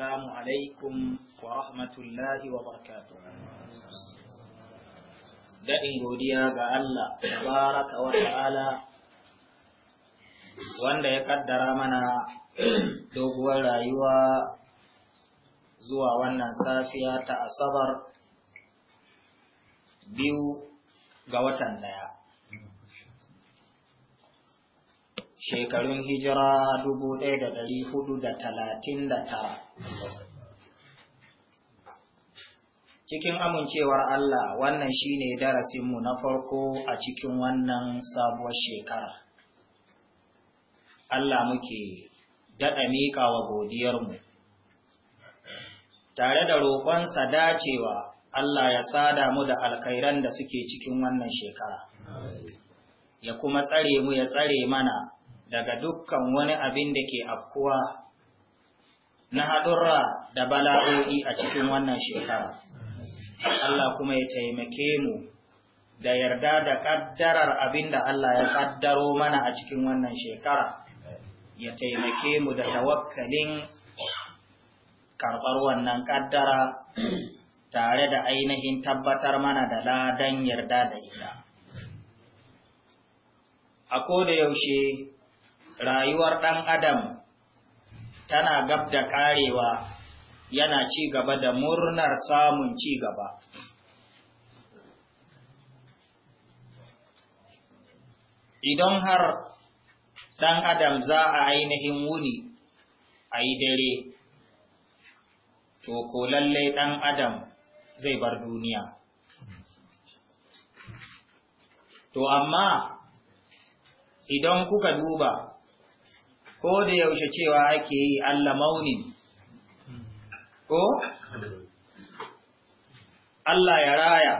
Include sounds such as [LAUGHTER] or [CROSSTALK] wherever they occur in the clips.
السلام عليكم ورحمة الله وبركاته godiya ga Allah tabaraka wa wanda ya kaddara mana [CLEARS THROAT] doguwar rayuwa zuwa wannan safiya ta asabar biyu ga watan ɗaya shekarun hijira dubu ɗaya da ɗari hudu da talatin da tara. Cikin amincewar Allah wannan shine darasinmu na farko a cikin wannan sabuwar shekara. Allah muke daɗa miƙa wa godiyarmu. Tare da roƙonsa dacewa Allah ya sada mu da alkhairan da suke cikin wannan shekara. Ya kuma tsare mu ya tsare mana daga dukkan wani abin da ke afkuwa na hadurra da bala'o'i a cikin wannan shekara. Allah kuma ya taimake mu da yarda da ƙaddarar abin da Allah ya ƙaddaro mana a cikin wannan shekara, ya taimake mu da tawakkalin karɓar wannan ƙaddara tare da ainihin tabbatar mana da ladan yarda da ita. A ko da yaushe rayuwar ɗan adam tana gab da ƙarewa yana ci gaba da murnar samun ci gaba. Idan har ɗan adam za a ainihin wuni a yi dare, to ko lallai ɗan adam zai bar duniya. To amma idan kuka duba ko da yaushe cewa ake yi Allah maunin ko Allah ya raya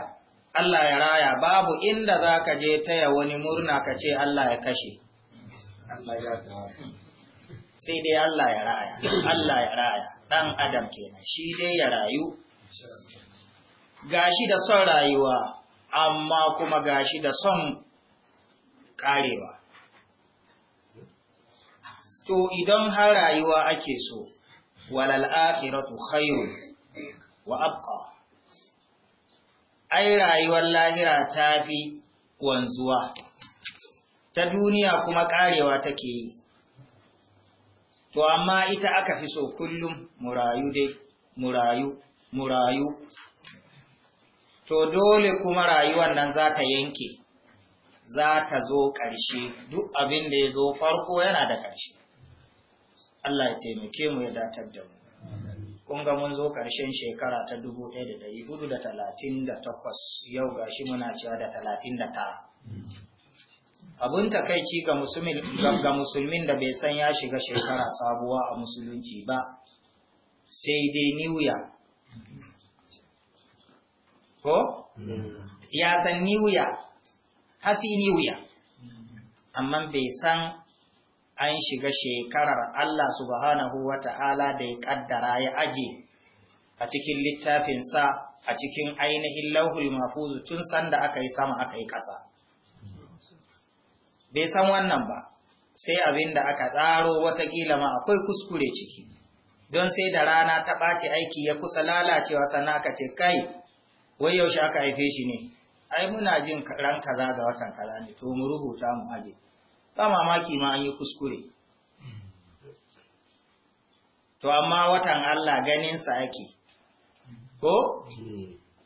Allah ya raya babu inda za ka je taya wani murna ka ce Allah ya kashe sai dai Allah ya raya Allah ya raya ɗan adam kenan shi dai ya rayu gashi da son rayuwa amma kuma gashi da son ƙarewa to idan har rayuwa ake so walal akhiratu khairu wa abqa ai rayuwar lahira ta tafi wanzuwa ta duniya kuma karewa take yi to amma ita aka fi so kullum murayu dai murayu murayu to dole kuma rayuwar nan za ta yanke za ta zo ƙarshe duk abin da ya zo farko yana da ƙarshe Allah ya taimake mu ya datar da mu kun ga mun zo ƙarshen shekara ta da 1438 yau gashi muna cewa da 39 abun takaici ga musulmin da bai san ya shiga shekara sabuwa a musulunci ba sai dai new year ko? ya san new year happy new year amma bai san an shiga shekarar Allah subhanahu wa ta'ala da ya ƙaddara ya aje a cikin littafinsa a cikin ainihin lauhul mafuzu tun sanda aka yi sama aka yi ƙasa. Bai san wannan ba, sai abin da aka tsaro watakila ma akwai kuskure ciki, don sai da rana ta ɓaci aiki ya kusa lalacewa sannan aka ce kai, wai yaushe aka haife shi ne, ai muna jin ran kaza ga watan kaza ne, to mu rubuta mu aje. ba mamaki ma an yi kuskure to amma watan Allah ganinsa ake ko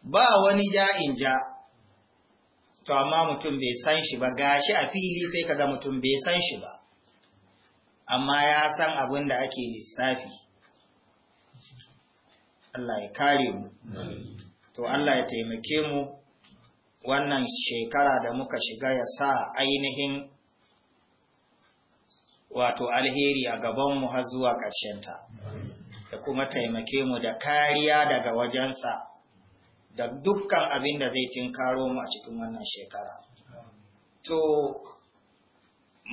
ba wani in ja to amma mutum bai san shi ba gashi a fili sai kaga mutum bai san shi ba amma ya san abin da ake lissafi Allah ya kare mu to Allah ya taimake mu wannan shekara da muka shiga ya sa ainihin wato alheri a gabanmu har zuwa ta, da kuma taimake mu da kariya daga wajensa da dukkan abin da zai tinkaro mu a cikin wannan shekara. To,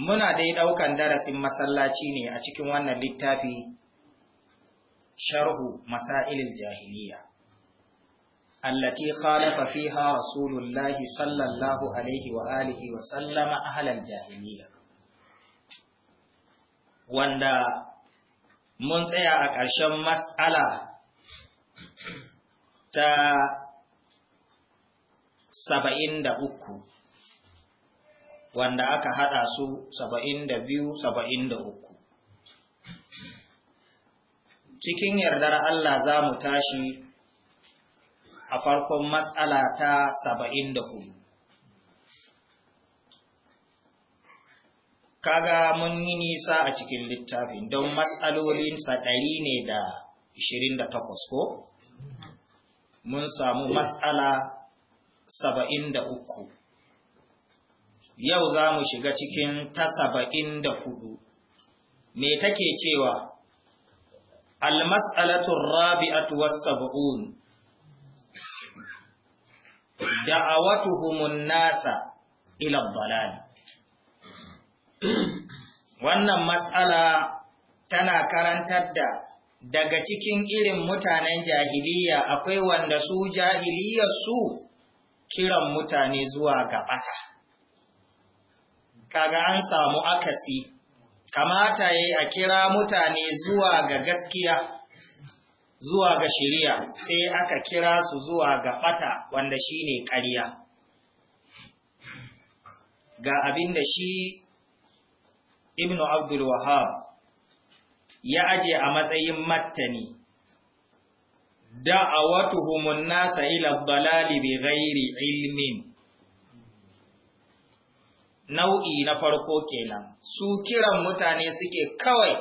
muna dai ɗaukan darasin masallaci ne a cikin wannan littafi sharhu masailil jahiliya. allati khalafa fiha rasulullahi sallallahu alaihi wa alihi wa sallama ahlal jahiliya. wanda mun tsaya a ƙarshen matsala ta saba'in da uku wanda aka haɗa su saba'in da biyu saba'in da uku cikin yardar Allah za mu tashi a farkon matsala ta saba'in da hudu kaga mun yi nisa a cikin littafin don matsalolinsa ɗari ne da ishirin ko? Mun samu matsala saba'in Yau za mu shiga cikin ta 74 Me take cewa, Almas'alatun rabi'atu wasu da'awatuhumun nasa ila balani wannan matsala tana karantar da daga cikin irin mutanen jahiliya akwai wanda su jahiliyarsu kiran mutane zuwa ga Kaga an samu akasi, kamata yi a kira mutane zuwa ga gaskiya, zuwa ga shiriya, sai aka kira su zuwa ga bata wanda shine ƙarya. Ga abin da shi ibn abdul wahab ya aje a matsayin mattani da'awatuhumun nasa ila dalali bi ghairi ilmin nau'i na farko kenan su kiran mutane suke kawai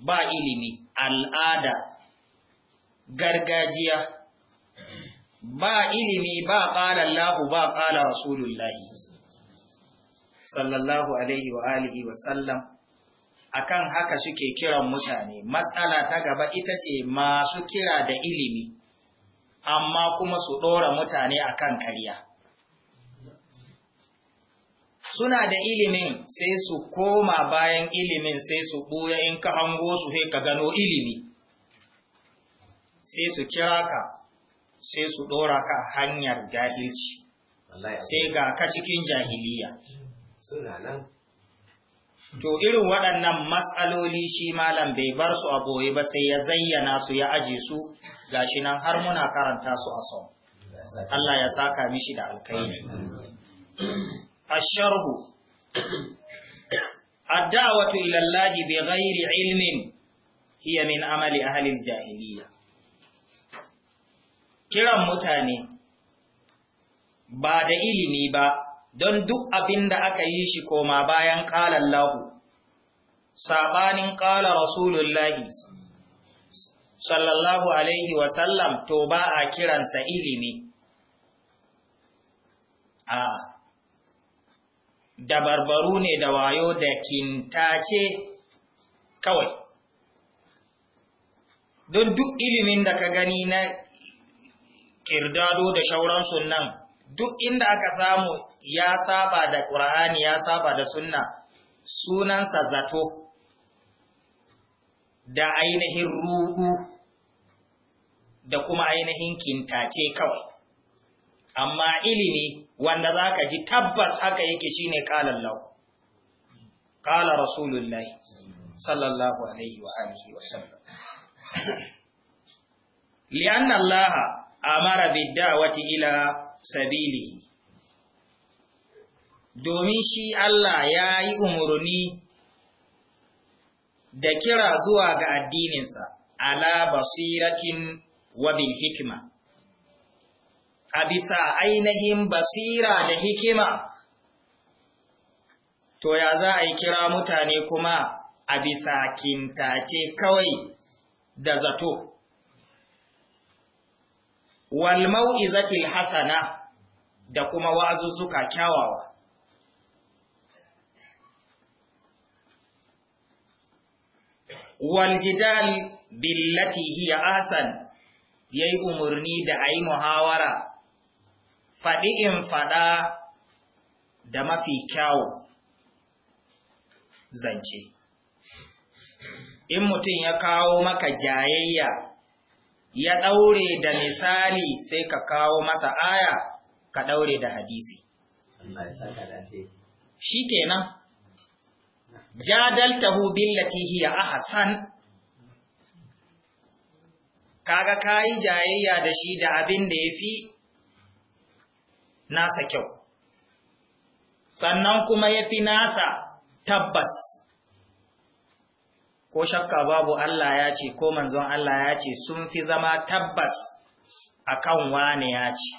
ba ilimi al'ada gargajiya ba ilimi ba ƙala ba ƙala Rasulullahi sallallahu alaihi wa alihi wa sallam akan haka suke kiran mutane matsala ta gaba ita ce masu kira da ilimi amma kuma su ɗora mutane akan karya. suna da ilimin sai su koma bayan ilimin sai su buya in ka hango su sai ka gano ilimi sai su kira ka sai su ɗora ka hanyar jahilci sai ga ka cikin jahiliya to irin waɗannan matsaloli shi malam bai bar su a boye ba sai ya zayyana su ya aje su gashi nan har muna karanta su a son Allah ya saka mishi da alkaini A sharhu, dawatu ila Allah bi ghairi ilmin hiya min amali ahli al jahiliya. kiran mutane ba da ilimi ba don duk abin da aka yi shi koma bayan ƙalan lahu, saɓanin ƙala Rasulullahi, sallallahu Alaihi wasallam to ba a kiransa ilimi. A dabarbaru ne da wayo da kintace kawai. Don duk ilimin da ka gani na kirdado da shauransu nan, duk inda aka samu ya saba da qur'ani, ya saba da sunna sunansa zato da ainihin ruɗu da kuma ainihin kintace kawai amma ilimi wanda za ka ji tabbas haka yake shine ƙalan lau ƙala rasulullahi sallallahu alaihi wa alihi wa sallam Laha allaha amara bid da'wati ila sabili domin shi Allah ya yi umarni da kira zuwa ga addininsa, ala basiratin wa bil hikima. A bisa ainihin basira da hikima, to ya za a yi kira mutane kuma a bisa kintace kawai da zato. Wal mau'izatil hasana da kuma wa'azuzzuka kyawawa. waljidal billati hiya asan yayi umurni da ayi muhawara faɗi in faɗa da mafi kyawu zance in mutum ya kawo maka jayayya ya ɗaure da misali sai ka kawo masa aya ka ɗaure da hadisi shi kenan jadaltahu billati hiya ahsan kaga kayi jayayya da shi da abin da yafi nasa kyau sannan kuma yafi nasa tabbas ko shakka babu Allah ya ce ko manzon Allah ya ce sun fi zama tabbas akan wani ya ce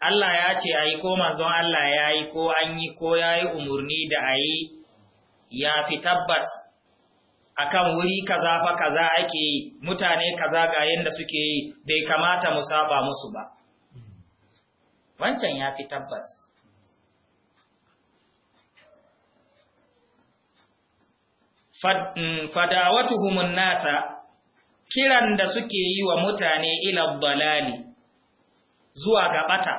Allah ya ce ayi ko manzon Allah ya yi ko an yi ko ya yi umarni da ayi ya fi tabbas kan wuri kaza fa kaza ake yi mutane kaza ga yadda suke yi bai kamata mu saba musu ba wancan ya fi tabbas mm, fadawatuhumun nasa kiran da suke yi wa mutane ilan balali zuwa gabata.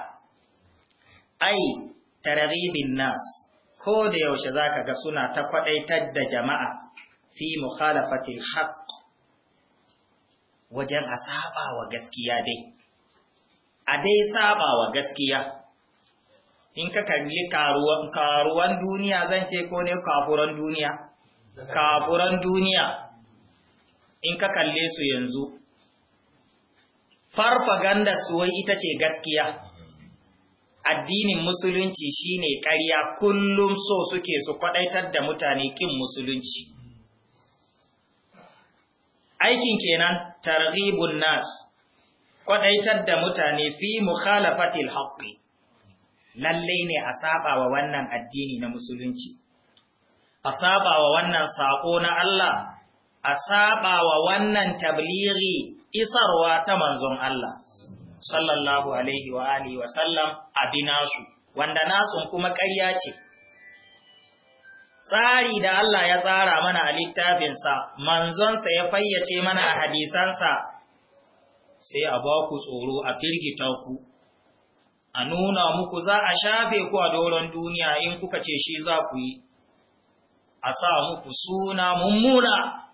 ai tarabibin nas ko da yaushe za ka ga suna ta kwaɗaitar da jama'a fi mukhalafatil haq wajen a saba wa gaskiya dai a dai saba wa gaskiya in ka kalli karuwan duniya zan ce ko ne kafuran duniya kafuran duniya in ka kalle su yanzu farfaganda su wai ita ce gaskiya addinin musulunci shine ƙarya kullum so suke su kwadaitar da mutane kin musulunci aikin kenan targhibun nas kwadaitar da mutane fi mukhalafatil haqqi lalle ne a saba wannan addini na musulunci a saba wa wannan sako na Allah a saba wannan tablighi isarwa ta manzon Allah sallallahu alaihi wa alihi wa sallam abi nasu wanda nasun kuma ƙarya ce tsari da Allah ya tsara mana a littafinsa manzonsa ya fayyace mana a hadisansa sai a ba ku tsoro a firgita ku a nuna muku za a shafe ku a doron duniya in kuka ce shi za ku yi a sa muku suna mummuna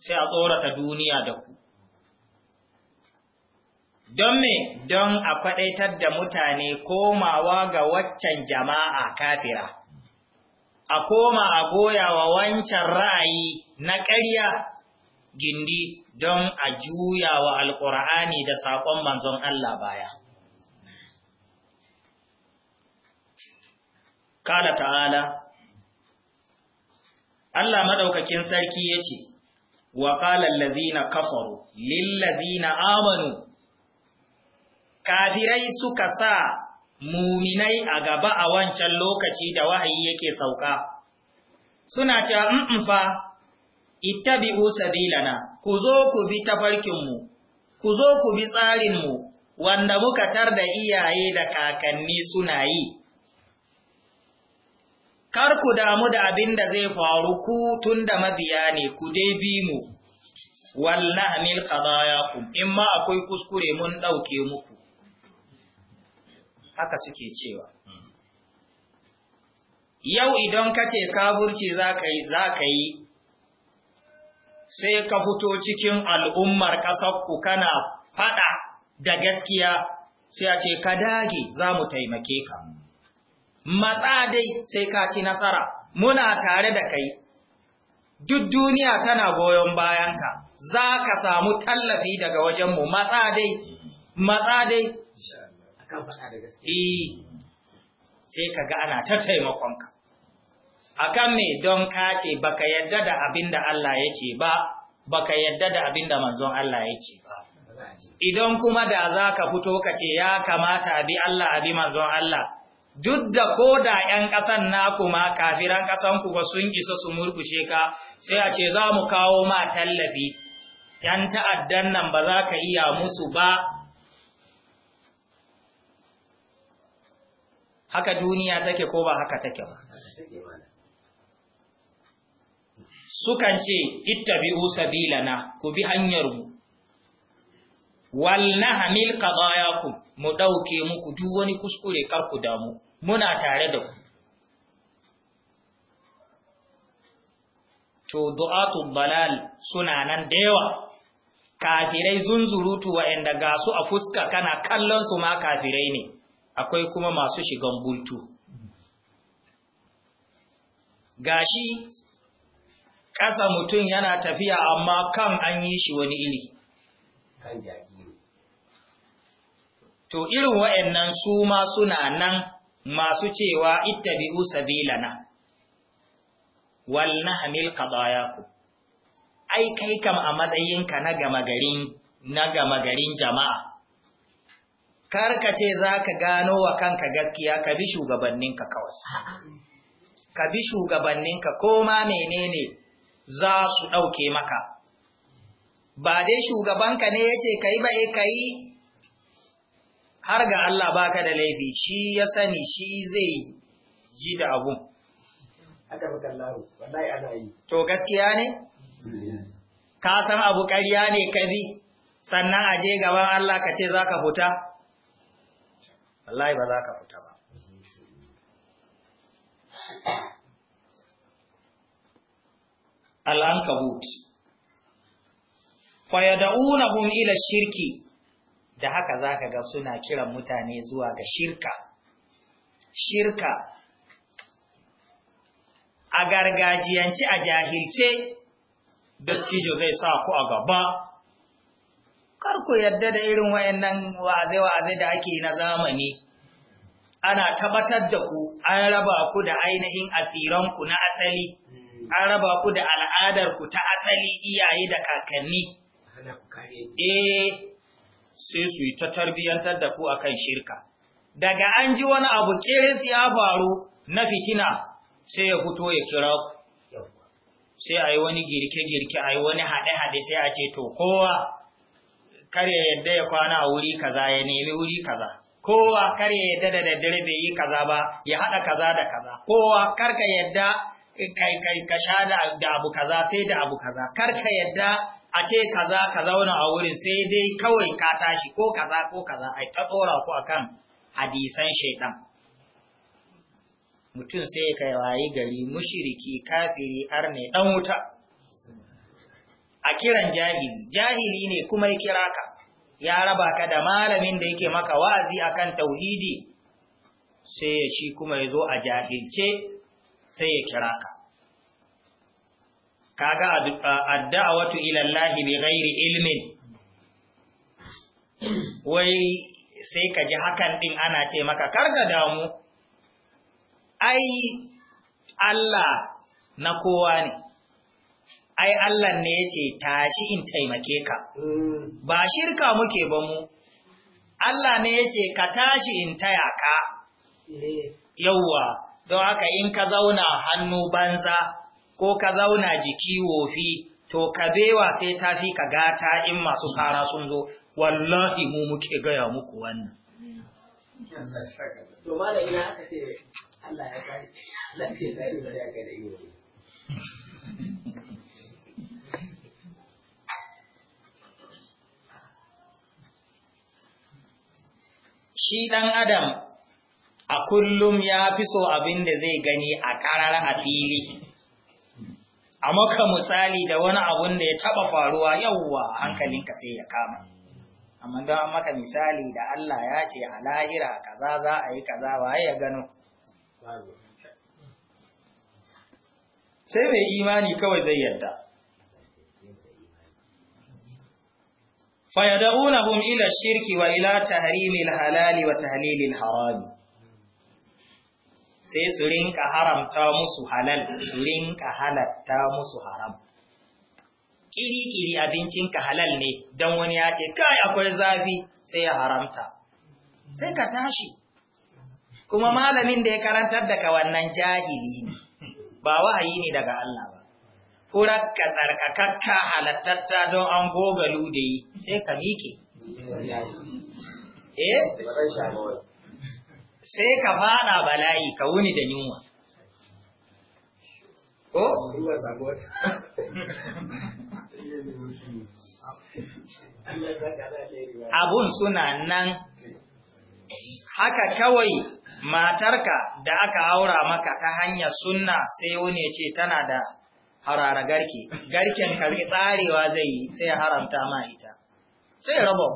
sai a tsorata duniya da ku don me don a kwadaitar da mutane komawa ga waccan jama'a kafira a koma a goya wa wancan ra'ayi na ƙarya gindi don a juya wa alƙur'ani da saƙon manzon Allah baya kala ta'ala Allah maɗaukakin sarki ya ce wa ƙalar lazina kafaru lillazina amanu kafirai suka sa muminai a gaba a wancan lokaci da wahayi yake sauka suna cewa in mm, mm, fa ittabi'u sabilana ku zo ku bi tafarkinmu ku zo ku bi tsarinmu wanda muka tar da iyaye da kakanni suna yi kar ku damu da abin da zai faru ku tun da mabiya ne ku dai bi mu kaza ya ku, in ma akwai kuskure mun ɗauke muku haka suke cewa hmm. yau idan ka ce kaburci za ka yi sai ka fito cikin al'ummar ƙasarku kana faɗa da gaskiya sai a ce ka dage za mu taimake ka matsa dai sai ka ci nasara muna tare da kai duk duniya tana goyon bayanka za ka samu tallafi daga wajenmu matsa dai hmm. matsa dai Eh, sai kaga ana ta taimakon ka akan me don kace baka yadda da abin da Allah ya ce ba baka yadda da abin da manzon Allah ya ce ba idan kuma da za ka fito ka ce ya kamata a abi Allah abi manzon Allah duk da ko da ‘yan ƙasan naku ma kafiran ƙasanku ba sun isa su murkushe ka sai a ce za mu kawo ma tallafi ‘yan ta'addan nan ba za ka iya musu ba haka duniya take ko ba haka take ba sukan ce ittabi'u sabilana ku bi hanyarmu wal nahmil qadayakum mu dauke muku duk wani kuskure kar ku damu muna tare da ku to du'atu balal suna nan da yawa kafirai zunzurutu wa ga su a fuska kana kallon su ma kafirai ne akwai kuma masu shigan bultu gashi ƙasa mutum yana tafiya amma kan an yi shi wani ili? to irin wa'annan su ma suna nan masu cewa ita ittabi'u sabilana wal baya ku. ai kai kam a matsayinka na gama garin jama'a Kar ka ce za ka gano wa kanka gaskiya ka bi shugabanninka kawai. Ka bi shugabanninka ko menene za su ɗauke maka. Ba dai shugabanka ne ya ce ka yi ba eh, ka yi har ga Allah ba ka da laifi shi ya sani shi zai ji da abun. To gaskiya ne? Ka san abu ƙarya ne ka bi, sannan a je gaban Allah ka ce za ka fita? wallahi ba za ka fita ba al'ankabut fayada'unahum ila shirki da haka za ka ga suna kiran mutane zuwa ga shirka shirka a gargajiyanci a jahilce dattijo zai sa ku a gaba kar ku yadda da irin wayannan wa'aze-wa'aze da ake na zamani ana tabbatar da ku an raba ku da ainihin asiranku na asali an raba ku da al'adar ku ta asali iyaye da kakanni eh sai su yi ta tarbiyantar da ku akan shirka daga an ji wani abu kiris ya faru na fitina sai ya fito ya kira ku sai a yi wani girke-girke a yi wani haɗe-haɗe sai a ce to kowa kar ya yadda ya kwana a wuri kaza ya nemi wuri kaza kowa kar ya yadda da daddare bai yi kaza ba ya haɗa kaza da kaza kowa kar ka yadda ka sha da abu kaza sai da abu kaza kar ka yadda a ce kaza ka zauna a wurin sai dai kawai ka tashi ko kaza ko kaza Ai ta tsora ku akan hadisan shaidan mutum sai ka wayi gari mushiriki kafiri arne ɗan wuta a kiran jahili jahili ne kuma ya kira ka ya raba ka da malamin da yake maka wa'azi akan tauhidi sai ya shi kuma ya zo a jahilce sai ya kira ka kaga adda'awatu ila Allah bi ghairi ilmin wai sai ka ji hakan din ana ce maka karga damu ai Allah na kowa ne ai Allah ne yace tashi in taimake ka hmm. ba shirka muke ba mu Allah ne yace ka tashi in taya ka eh. yawwa don haka in ka zauna hannu banza ko ka zauna jiki wofi to ka bewa sai ta fi ka gata in masu sara sun zo wallahi mu muke gaya muku wannan to ina aka ce Allah ya kai lafiya da ya shi ɗan adam a kullum ya fi so abin da zai gani a karar a fili a maka misali da wani abun da ya taɓa faruwa yauwa hankalinka sai ya kama amma don an maka misali da Allah ya ce a lahira kaza za a yi kaza waye ya gano sai mai imani kawai zai yarda fayad'unahum ila shirki wa ila tahrimil halali wa tahlilil harami sai su rinka haramta musu halal su rinka halatta musu haram kiri-kiri ka halal ne don wani ya ce kai akwai zafi sai ya haramta sai ka tashi kuma malamin da ya karantar da ka wannan jahili ne ba wahayi ne daga Allah ba furarka tsarkakakka halattatta don an goga yi sai ka miƙe. Eh? Sai ka fada bala'i ka wuni da yunwa. Ko? Abun suna nan haka kawai matarka da aka aura maka ta hanyar sunna sai wani ce tana da harara garke garken ka zai tsarewa zai yi sai haramta ma ita sai raba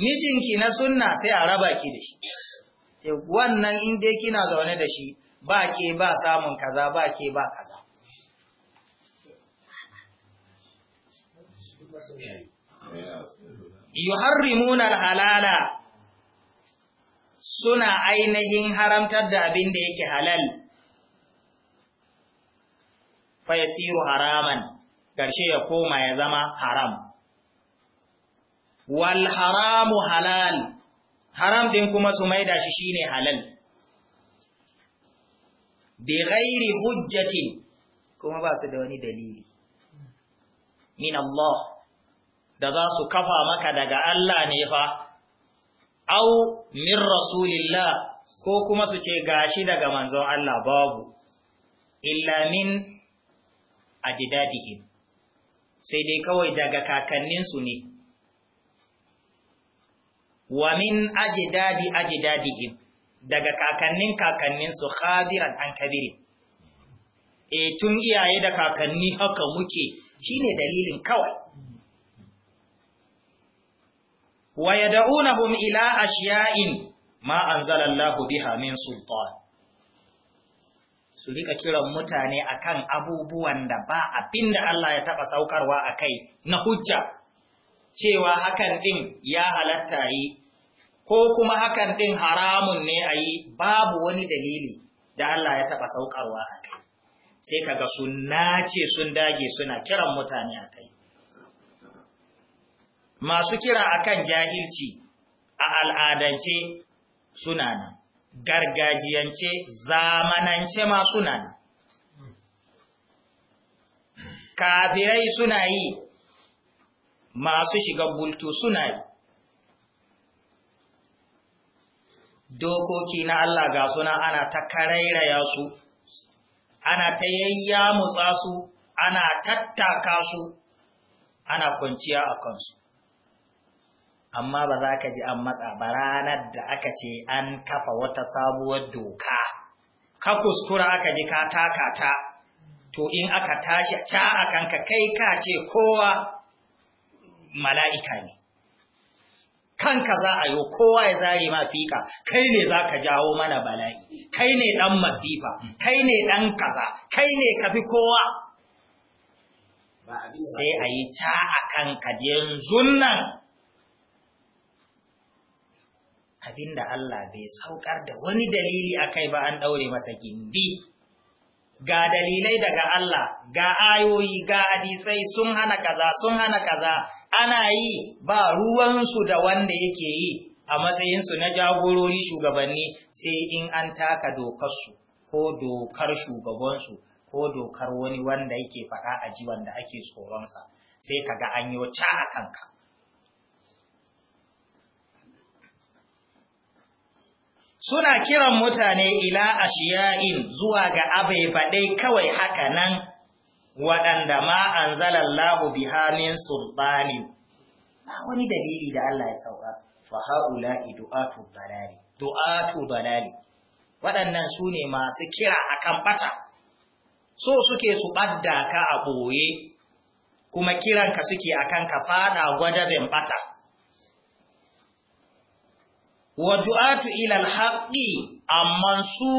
mijinki na sunna sai a raba ki da shi wannan in dai kina zaune da shi ba ke ba samun kaza ba ke ba kaza yuharrimuna alalala suna ainihin haramtar da abin da yake halal fa haraman ƙarshe ya koma ya zama haram wal haramu halal haram din kuma su maida shi shine halal bi ghairi hujjatin kuma ba su da wani dalili min Allah da za su kafa maka daga Allah ne fa au min rasulillah ko kuma su ce gashi daga manzon Allah babu illa min ajdadihim sai dai kawai daga kakanninsu ne wa min ajdadi ajdadihim daga kakannin kakanninsu khabiran an kabiri e tun iyaye da kakanni haka muke shine dalilin kawai wa yad'unahum ila ashiya'in ma anzalallahu biha min sultan su rika kiran mutane akan abubuwan da ba abinda da Allah ya taɓa saukarwa a kai na hujja cewa hakan ɗin ya halatta yi ko kuma hakan ɗin haramun ne a yi babu wani dalili da Allah ya taɓa saukarwa a kai sai kaga sun nace sun dage suna kiran mutane a kai masu kira akan jahilci a al'adance suna nan gargajiyance zamanance ma suna ne kafirai suna yi masu shiga bultu suna yi dokoki na Allah ga suna ana ta karairaya su ana ta yayya mutsa su ana tattaka su ana kwanciya a kansu amma ba za ka ji an matsa ba ranar da aka ce an kafa wata sabuwar doka ka kuskura aka ji ka taka ta to in aka tashi ta a kanka kai ka ce kowa mala'ika ne kanka za a yi kowa ya zari ma kai ne za ka jawo mana bala'i kai ne ɗan masifa kai ne ɗan kaza kai ne ka fi kowa sai a yi ta a kanka yanzu nan abinda Allah bai saukar da wani dalili akai ba an daure masa gindi ga dalilai daga Allah ga ayoyi ga hadisai sun hana kaza sun hana kaza ana yi ba ruwan su da wanda yake yi a matsayinsu na jagorori shugabanni sai in an taka dokarsu ko dokar shugabansu ko dokar wani wanda yake faɗa a ji wanda ake tsoronsa sai kaga an yi a kanka suna kiran mutane ila ashiya'in zuwa ga faɗai kawai haka nan waɗanda ma an zalallahu bihamin sulbani ba wani dalili da Allah ya sauka fa ha'ula du'atu balali du'atu balali waɗannan su ne masu kira akan bata so suke su ɓadda ka a ɓoye kuma kiranka suke akan ka faɗa gwadaben ɓata. wa du'atu ila alhaqi amma su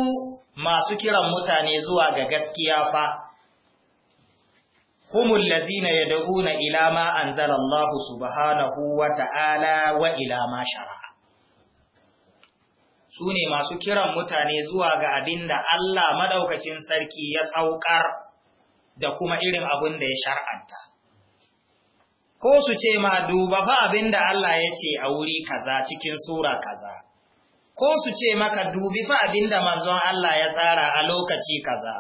masu kiran mutane zuwa ga gaskiya fa humul ladina yad'una ila ma anzalallahu subhanahu wa ta'ala wa ila ma shara'a sune masu kiran mutane zuwa ga abinda Allah madaukakin sarki ya saukar da kuma irin abin da ya shar'anta ko su ce ma duba fa abin da Allah ya ce a wuri kaza cikin sura kaza, ko su ce maka dubi fa abin da manzon Allah ya tsara a lokaci kaza,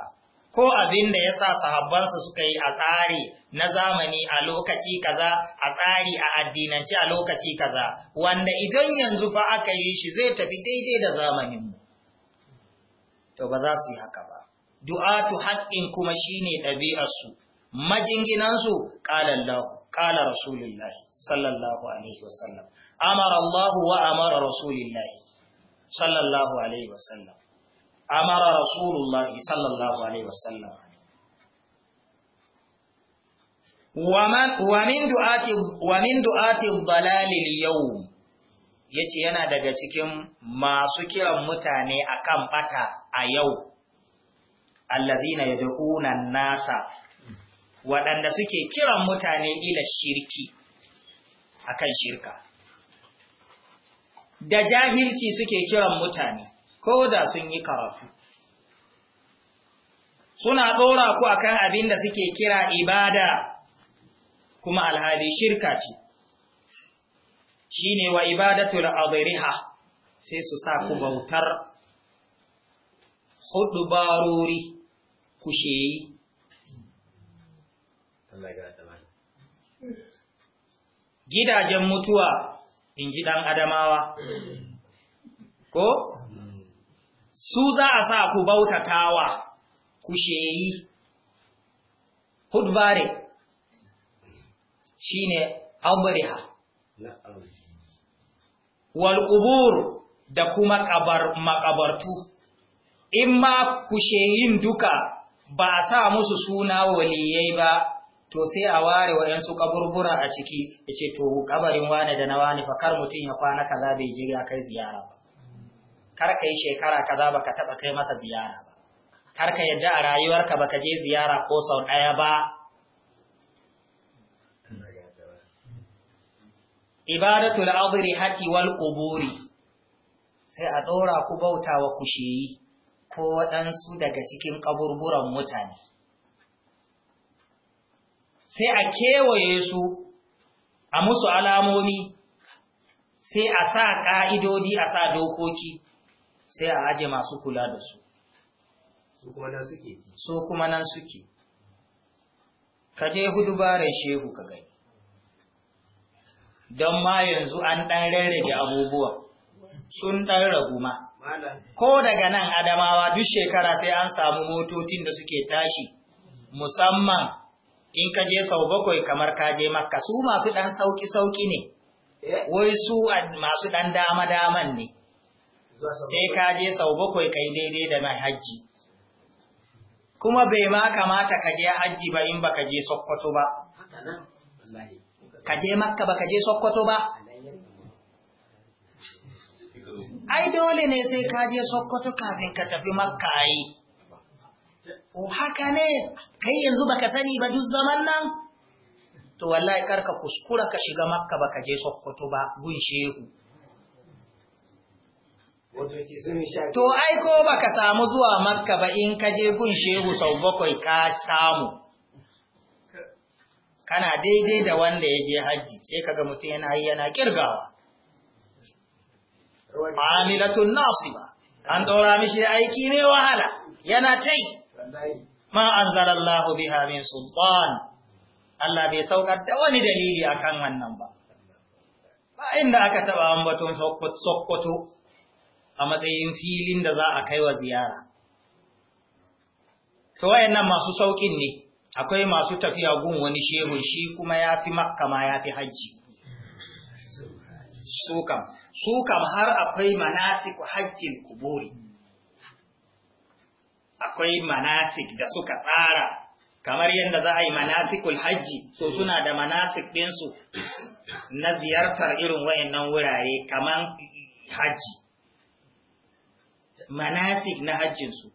ko abin da ya sa sahabbansu suka yi a tsari na zamani a lokaci kaza, a tsari a addinance a lokaci kaza, wanda idan yanzu fa aka yi shi zai tafi daidai da zamaninmu. To ba za su yi haka ba. Du'atu haƙƙin kuma shi ne ɗabi'arsu, majinginansu ƙalallahu. kala rasulullahi sallallahu alaihi wasallam amara Allah wa amara rasulullahi sallallahu alaihi wasallam amara rasulullahi sallallahu alaihi wa min wa min du'ati dhalalil yawm yace yana daga cikin masu kiran mutane akan bata a yau allazina yad'una an-nasa waɗanda suke kiran mutane ila shirki akan shirka da jahilci suke kiran mutane ko da sun yi karatu suna ɗora ku akan abin da suke kira ibada kuma alhali shirka ce shine wa ibadatul adriha sai su sa ku bautar hudu barori ku sheyi Gidajen mutuwa in ji ɗan adamawa, ko? Su za a sa ku bautatawa, ku sheyi, hudbare, shi ne albariha, walƙubur da kuma makabartu, in ma ku sheyin duka ba a sa musu suna waliyai ba to sai a ware waɗansu kaburbura a ciki ya ce to kabarin wane da na wane fakar kar mutum ya kwana kaza bai je ya kai ziyara ba kar ka yi shekara kaza baka taba kai masa ziyara ba kar ka yadda a rayuwarka baka je ziyara ko sau ɗaya ba ibadatul azri hati wal quburi sai a ɗora ku bauta wa kusheyi ko waɗansu daga cikin kaburburan mutane sai a kewaye su a musu alamomi sai a sa ƙa'idodi a sa dokoki sai a aje masu kula da su su kuma nan suke ka je barin shehu ka gani don ma yanzu an ɗan rarrage abubuwa sun ɗan ragu ma ko daga nan adamawa duk shekara sai an samu motocin da suke tashi musamman in ka je sau bakwai kamar ka je makka su masu ɗan sauƙi sauƙi ne eh? wai su masu ɗan dama daman ne sai ka je sau bakwai kai daidai da mai hajji kuma bai ma kamata ka je hajji ba in baka je sokoto ba ka je makka baka je sokoto ba ai dole ne sai ka je sokoto kafin ka tafi makka a yi o haka ne kai yanzu baka sani ba duk zaman nan to wallahi karka kuskura ka shiga makka baka je sokoto ba gun shehu to ai ko baka samu zuwa makka ba in ka je gun shehu sau bakwai ka samu kana daidai da wanda ya je hajji sai kaga mutum yana yi yana kirgawa amilatun nasiba an daura mishi aiki mai wahala yana tai ma anzalallahu biha sultan Allah bai saukar da wani dalili akan wannan ba ba inda aka taba ambaton sokoto a matsayin filin da za a kai wa ziyara to nan masu saukin ne akwai masu tafiya gun wani shehu shi kuma yafi makka ma yafi haji hajji. Sukam har akwai manasiku hajjin kuburi akwai manasik da suka tsara kamar yadda za a yi manasikul hajji so suna da manasik ɗinsu na ziyartar irin wayannan wurare kamar hajji manasik na hajjinsu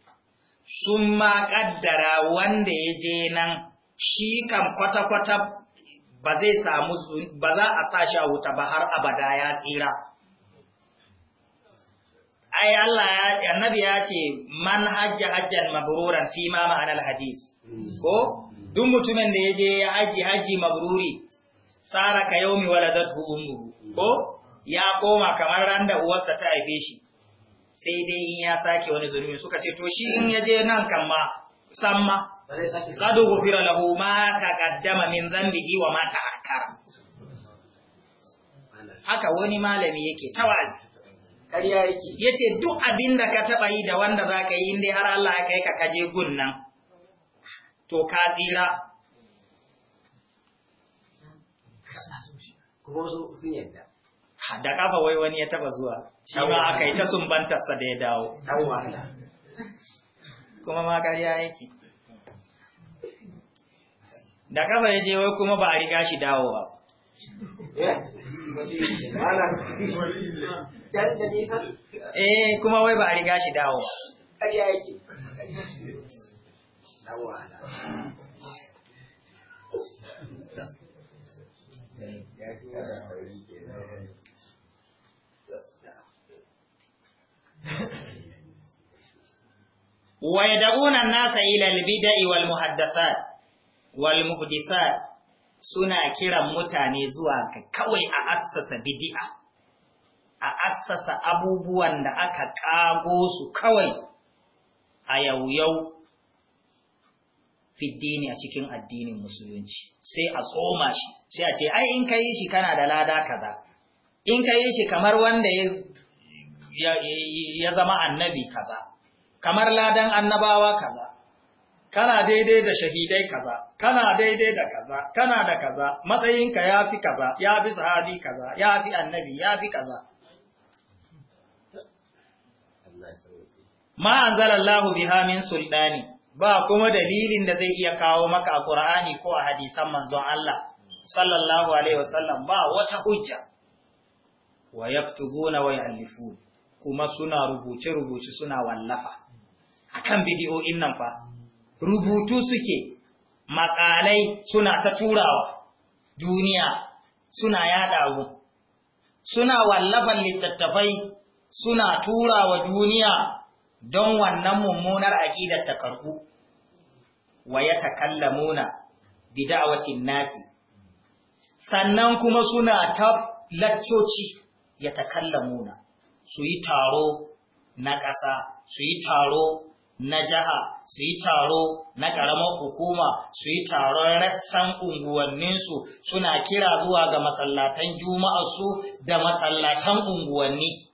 sun ma ƙaddara wanda ya je nan shi kan kwata-kwata ba ba za a sa sha wuta ba har abada ya tsira ai Allah annabi ya ce man hajja hajjan mabruran fi ma ma'anar hadis ko duk mutumin da ya je ya haji haji mabruri sara ka yaumi waladatu ummu ko ya koma kamar ran da uwarsa ta haife shi sai dai in ya sake wani zulmi suka ce to shi in yaje je nan kan ma san ma qad lahu ma kaddama min dhanbihi wa ma ta'akkara haka wani malami yake tawazi ƙarya yake yace duk abin da ka taba yi da wanda zaka yi indai har Allah ya kai ka kaje gun nan to ka tsira da kafa wai wani ya taba zuwa shi ma aka yi ta sumbantarsa da ya dawo kuma ma ƙarya yake da kafa ya je wai kuma ba a riga shi dawowa ba jarin eh, kuma wai ba a riga shi dawo. Wai yake. wa yad'una an-nasa ila al-bid'i suna kiran mutane zuwa ga kawai a assasa bid'a a assasa abubuwan da aka kago su kawai a yauyau fiddini a cikin addinin musulunci sai a tsoma shi sai a ce ai in ka shi kana da lada kaza in ka shi kamar wanda ya zama annabi kaza kamar ladan annabawa kaza kana daidai da shahidai kaza kana daidai da kaza kana da kaza matsayinka ya fi kaza ya fi sahabi kaza ya fi annabi ya fi kaza ma bihamin biha min sultani ba kuma dalilin da zai iya kawo maka a ƙur'ani ko a hadisan manzon Allah sallallahu alaihi wasallam ba wata hujja wa yaktubuna wa ya'lifun kuma suna rubuce rubuce suna wallafa akan bidiyoyin nan fa rubutu suke makalai suna ta turawa duniya suna yada suna wallafan littattafai suna turawa duniya don wannan mummunar aqidar ta karbu wa ya takallamuna bi nasi sannan kuma suna ta laccoci ya takallamuna su yi taro na ƙasa su yi taro na jaha su yi taro na ƙaramar hukuma su yi taron rassan unguwanninsu suna kira zuwa ga masallatan juma'arsu da masallatan unguwanni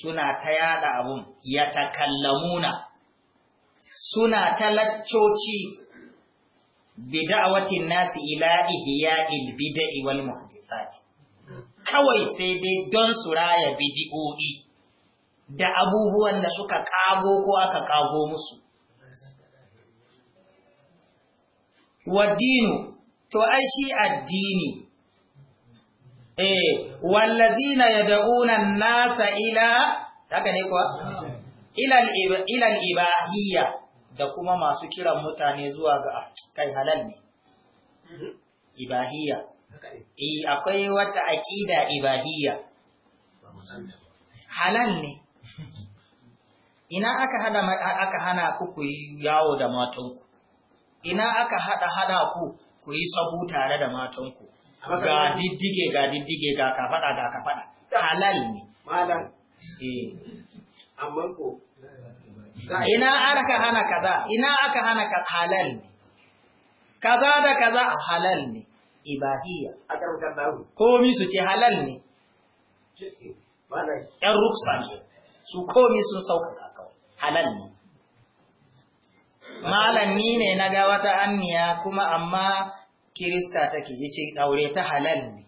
suna ta yada abun ya takallamuna suna ta laccoci bida'awatin nasi ila ihya'il bida'i wal muhdithati kawai sai dai don su raya bidi'o'i da abubuwan da suka kago ko aka kago musu wa dinu to ai shi addini eh wallazina yad'una an-nasa ila haka ne kuwa ila al-ibahiyya da kuma masu kiran mutane zuwa ga kai halal ne ibahiyya eh akwai wata aqida ibahiyya halal ne ina aka hada aka hana ku ku yi yawo da matanku ina aka hada hada ku ku yi sabu tare da matanku ga diddige ga diddige ga kafada ga kafada halal ne malam eh amma ko ina aka hana kaza ina aka hana ka halal ne kaza da kaza halal ne ibahiyya komi su ce halal ne ‘yan ruksa ne su komi sun sauƙaƙa kawai halal ne malam ni ne na ga wata anniya kuma amma kirista take ya ce aure ta halal ne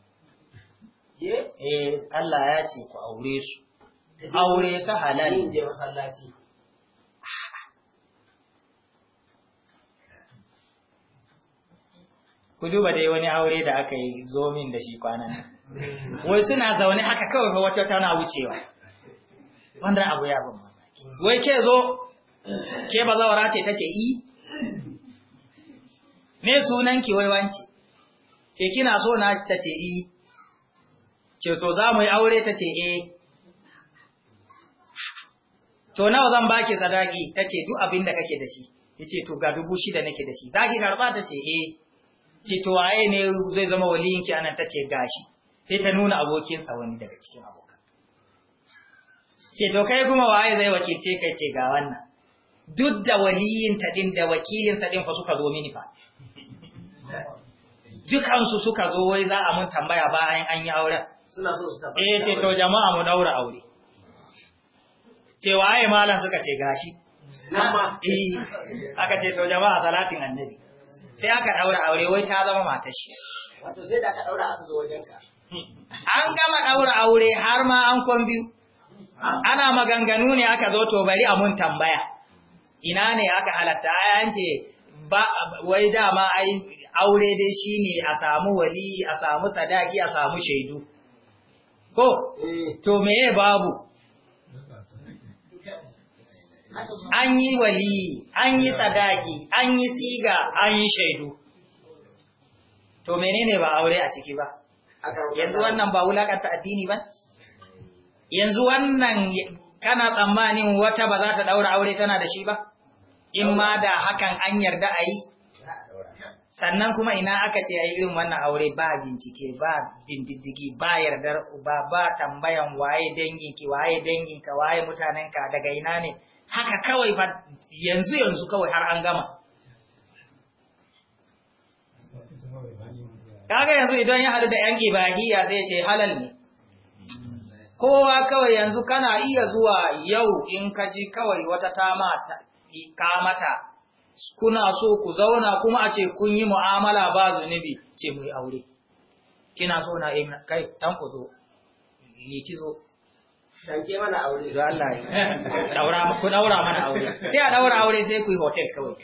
eh Allah ya ce ku aure su aure ta halal ne ku duba dai wani aure da aka yi zomin da shi kwanan wai suna zaune haka kawai wata tana wucewa wanda abu ya ban mamaki wai ke zo ke ba zawara ce take yi me sunan ki wai wanci ce kina so na ta ce i eh. ce to za mu yi aure ta ce eh to nawa zan baki sadaki ta ce duk abin da kake da shi ya ce to ga dubu shida nake da shi za ki ta ce eh ce to waye ne zai zama waliyinki anan ta ce gashi sai ta nuna abokinsa wani daga cikin abokan ce to kai kuma waye zai wakilce kai ce ga wannan duk da waliyin ta din da wakilin sa din fa suka zo mini fa dukansu suka zo wai za a mun tambaya bayan an yi auren suna so su tafi. eh ce to jama'a mu daura aure cewa ai malam suka ce gashi eh aka ce to jama'a salatin annabi sai aka daura aure wai ta zama matar shi wato sai da aka daura aka zo wajenka. an gama daura aure har ma an kon biyu ana maganganu ne aka zo to bari a mun tambaya ina ne aka halatta ai ce ba wai dama ai aure dai shine a samu wali a samu sadaki a samu shaidu ko eh. to meye babu an yi wali an yi sadaki an yi siga an yi shaidu to menene ba aure a ciki ba yanzu wannan ba wulakanta addini ba yanzu wannan kana tsammanin wata ba za ta daura aure tana da shi ba in ma da hakan an yarda a yi sannan kuma ina aka ce yi irin wannan aure ba bincike ba bindiddigi ba yardar uba ba tambayan waye dangin ki, waye dangin ka, waye mutanen ka? daga ina ne haka kawai fa yanzu yanzu kawai har an gama kaga yanzu idan ya hadu da yan ibahiyya zai ce halal ne kowa kawai yanzu kana iya zuwa yau in ka ji kawai wata tama ka mata kuna so ku zauna kuma a ce kun yi mu'amala ba zunubi ce mu yi aure kina so na yi kai tanko zo ni ki zo danke mana aure zo Allah daura ku daura mana aure sai a daura aure sai ku yi hotel kawai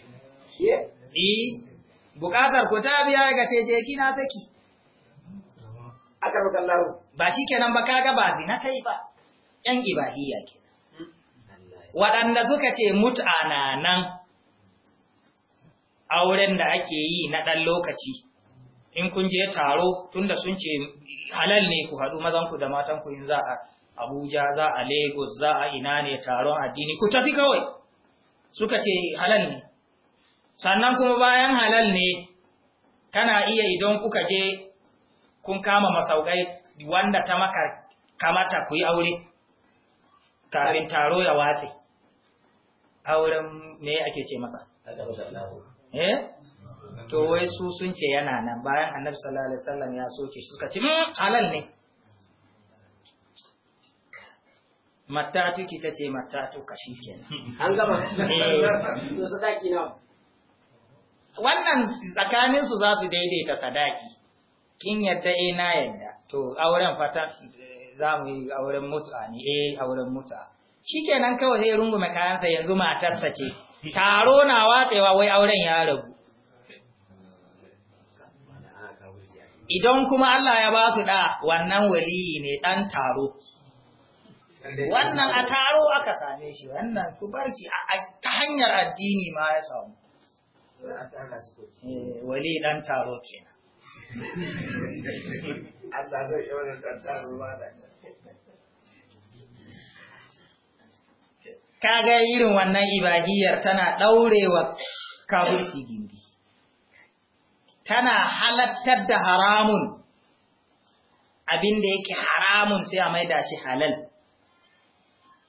eh e, bukatar ku ta biya ga ce je kina saki aka rubuta Allah ba kenan ba kaga ba zina kai ba yan ibahiyya kenan hmm. waɗanda suka ce mut'ana nan auren da ake yi na ɗan lokaci in kun je taro tunda sun ce halal ne ku haɗu mazanku da matanku in za a abuja za a lagos za a ina ne taron addini ku tafi kawai suka ce halal ne sannan kuma bayan halal ne kana iya idan kuka je kun kama masaukai wanda ta maka kamata ku yi aure kafin taro ya watse auren me ake ce masa eh to wai su sun ce yana nan bayan annabi sallallahu alaihi wasallam ya soke suka ce hmm, halal ne mattatu ki tace mattatu ka shikenan [LAUGHS] an gaba eh. to sadaki na wannan tsakanin su za su daidaita sadaki kin yadda eh na yadda to auren fata za mu yi auren mutu'a ne eh auren mutu'a shikenan kawai sai rungume kayansa yanzu matarsa ce taro na watsewa wai auren ya rabu. idan kuma Allah ya ba su da wannan waliyi ne dan taro wannan a taro aka same shi wannan ku barci ta hanyar addini ma ya samu eh, wali dan taro kenan Allah zai yi wannan dan taro ba da kaga irin wannan ibahiyar tana ɗaurewa kafirci gindi tana halattar da haramun abinda yake haramun sai a maida shi halal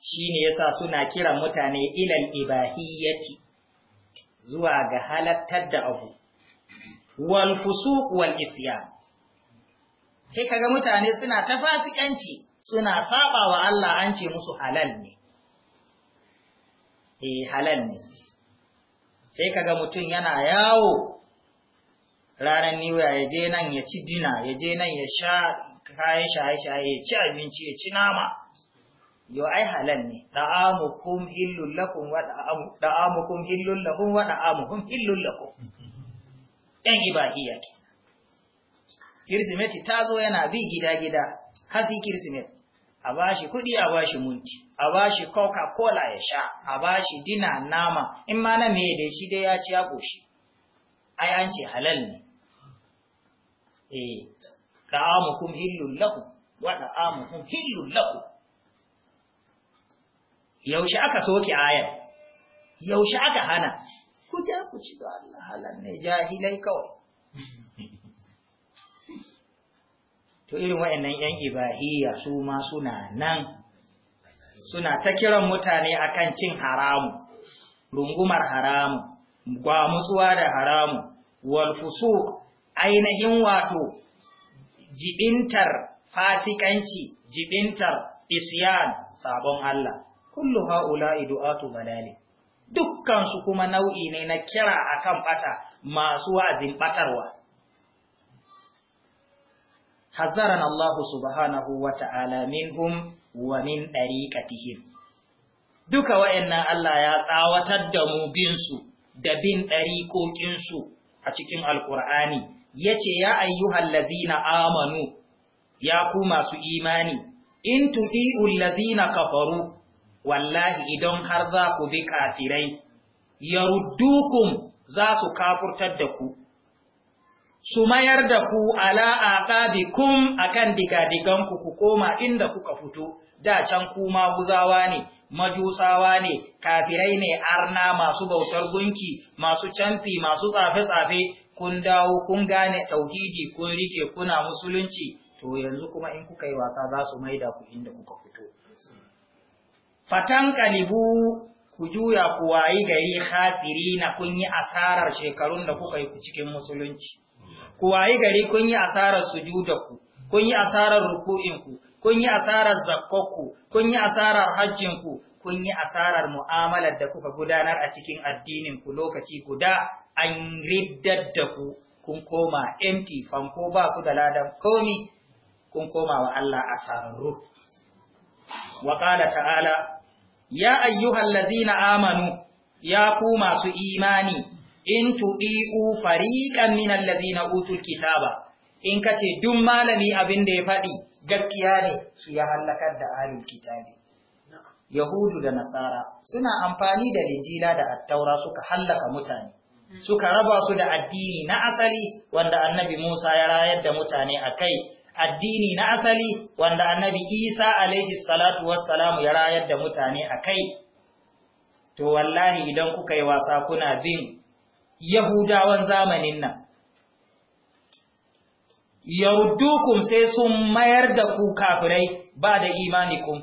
shine yasa suna kiran mutane ilal ibahiyati zuwa ga halattar da abu wal fusuq wal isyan sai kaga mutane suna ta fasikanci suna saba wa Allah an ce musu halal ne eh halal ne sai kaga mutum yana yawo ranar niwa ya je nan ya ci dina ya je nan ya sha kayan shaye-shaye ya ci abinci ya ci nama yo ai halal ne da'amukum hillul lakum wa da'amukum hillul lahum wa da'amukum hillul lakum Ƴan ibahiyya ke kirsimeti ta zo yana bi gida-gida hafi kirsimeti a bashi kuɗi a bashi munti a bashi coca cola ya sha a bashi dina nama in ma na me da shi dai ya ci ya ƙoshi ai an ce halal ne eh da'amukum hillul lahu wa amukun hillul lahu yaushe aka soke ayar yaushe aka hana ku ja ku ci da Allah halal ne jahilai kawai to irin waɗannan 'yan ibahiyya su ma suna nan suna ta kiran mutane akan cin haramu rungumar haramu gwamutsuwa da haramu walfusuk ainihin wato jibintar fasikanci jibintar isyan sabon Allah kullu ha’ula du'atu balali dukkan su kuma nau'i ne na kira akan bata masu wa'azin batarwa hazaran Allah subhanahu wa ta'ala minhum wa min ɗariƙatihim. Duka wa'yannan Allah ya tsawatar da mu binsu da bin ɗariƙoƙinsu a cikin Alƙur'ani, ya ce, Ya ayyuhan lazina amanu, ya ku masu imani, in tuɗi'un lazina kafaru, wallahi idan har za ku bi kafirai, ya ruddukun za su kafurtar da ku. su mayar da ku ala kan kan digadiganku ku koma inda kuka fito da can kuma guzawa ne majusawa ne kafirai ne arna masu bautar gunki masu canfi masu tsafe-tsafe kun dawo kun gane tauhidi kun rike kuna musulunci to yanzu kuma in kuka yi wasa za su da ku inda kuka fito fatan kalibu ku juya ku wayi gari hasiri na kun yi asarar shekarun da kuka yi cikin musulunci ku wayi gari kun yi asarar sujudaku, kun yi asarar ruku'inku kun yi asarar zakkoku kun yi asarar hajjinku kun yi asarar mu'amalar da kuka gudanar a cikin addininku lokaci guda an riddar da ku kun koma empty fanko ba ku da ladan komi kun koma wa Allah a sararru wa ta'ala ya ayyuhallazina amanu ya ku masu imani in tuɗi'u fariƙan min na utul kitaba in kace duk malami abin da ya faɗi gaskiya ne su ya halakar da ahlul kitabi yahudu da nasara suna amfani da lijila da attaura suka hallaka mutane suka raba su da addini na asali wanda annabi Musa ya rayar da mutane akai addini na asali wanda annabi Isa alaihi salatu wassalamu ya rayar da mutane akai to wallahi idan kuka yi wasa kuna bin Yahudawan zamanin nan. Yarudukum sai sun mayar da ku kafirai ba da imanikum,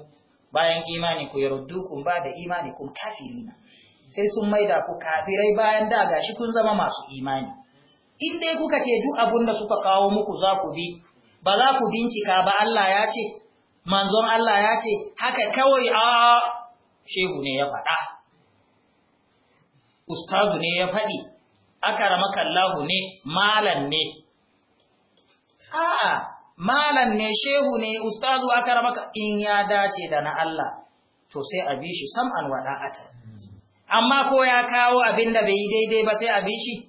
bayan imanikum, yarudukum ba da imanikum kafirina. Sai sun maida ku kafirai bayan da gashi kun zama masu imani. In dai kuka ke duk abin da suka kawo muku za ku bi, ba za ku bincika ba Allah ya ce, manzon Allah ya ce, haka kawai a shehu ne ya faɗa, ustazu ne ya faɗi. Allahu ne malam ne a'a malam ne shehu ne ustazu maka in ya dace da na Allah to sai a bi an sam'an wada'ata amma ko ya kawo abin da bai yi daidai ba sai a bishi?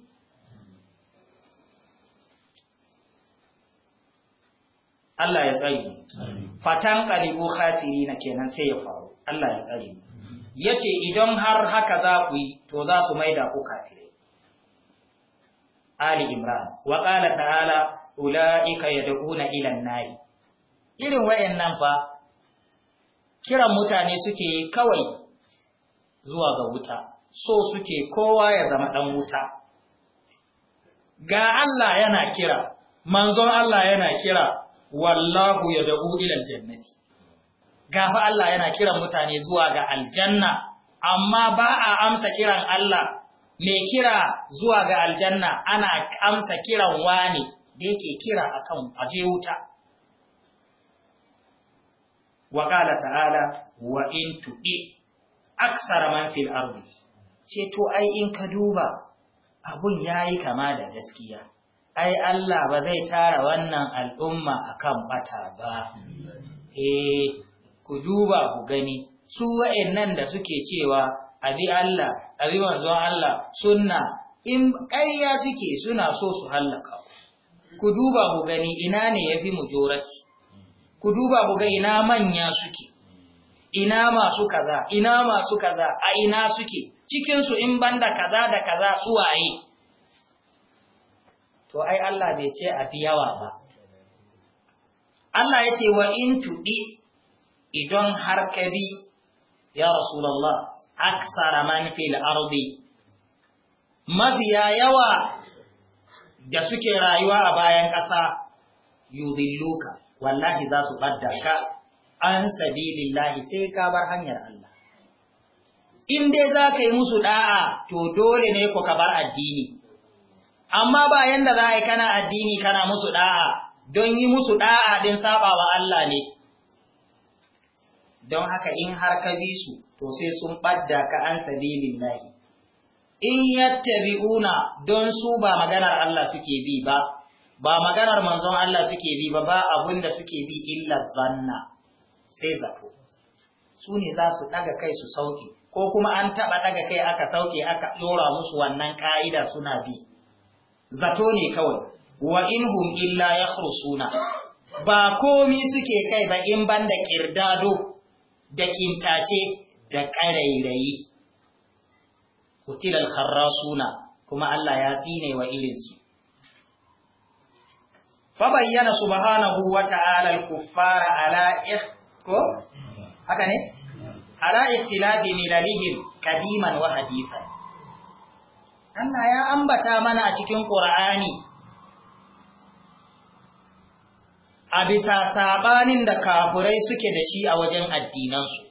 Allah ya tsari fatan qalibu hasiri na kenan sai ya faru Allah ya tsari ya ce idan har haka za ku yi to za su maida ku kafin ali imran wa qala ta'ala ulaika yad'una ila an irin wayannan fa kiran mutane suke kawai zuwa ga wuta so suke kowa ya zama dan wuta ga Allah yana kira manzon Allah yana kira wallahu yad'u ila al-jannati fa Allah yana kiran mutane zuwa ga aljanna amma ba a amsa kiran Allah mai kira zuwa ga aljanna ana amsa kiran wani da yake kira akan aje wuta wa qala ta'ala wa in aksara man fil ardi ce to ai in ka duba abun yayi kama da gaskiya ai Allah ba zai tara wannan al'umma akan bata ba eh ku duba ku gani su wa'annan da suke cewa abi Allah abi manzon Allah sunna in ƙarya suke suna so su hallaka ku duba ku gani ina ne yafi mujorati ku duba ku ga ina manya suke ina masu kaza ina masu kaza a ina suke cikin su in banda kaza da kaza su waye to ai Allah bai ce a fi yawa ba Allah ya ce wa in tuɗi idan har ka bi ya Rasulallah, aksara man fil ardi mafiya yawa da suke rayuwa a bayan ƙasa yudilluka wallahi za su an sabilillahi sai ka bar hanyar Allah. In dai za ka yi musu ɗa'a to dole ne ku ka bar addini, amma ba yanda za a yi kana addini kana musu ɗa'a don yi musu ɗa'a ɗin saɓa Allah ne. don haka in har ka bi su to sai sun ɓadda ka an sabilin lahi in yattabi'una don su ba maganar Allah suke bi ba ba maganar manzon Allah suke bi ba ba abin suke bi illa zanna sai zato su ne za su ɗaga kai su sauke ko kuma an taɓa ɗaga kai aka sauke aka ɗora musu wannan ƙa'idar suna bi zato ne kawai wa inhum illa ya ba komi suke kai ba in banda ƙirdado da kintace da ƙarairayi kutilal suna, kuma Allah ya tsine wa irinsu fa bayyana subhanahu wa ta'ala al-kuffara ala ko haka ne ala milalihim wa Allah ya ambata mana a cikin ƙur'ani. a bisa saɓanin da kafirai suke da shi a wajen addinansu,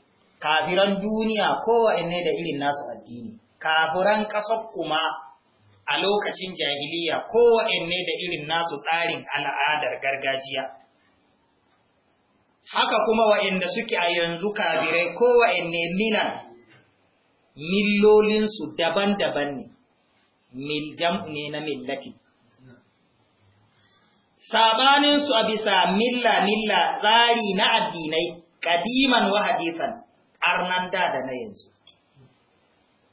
kafiran duniya kowanne da irin nasu addini, kafiran ƙasar kuma a lokacin jahiliya kowanne da irin nasu tsarin al'adar gargajiya. Haka kuma wa'inda suke a yanzu kafirai kowanne milan, millolinsu daban-daban ne, mil jam'u ne na millati. sabaninsu a bisa milla-milla tsari na addinai, kadiman wa hadifan, arnan da da na yanzu.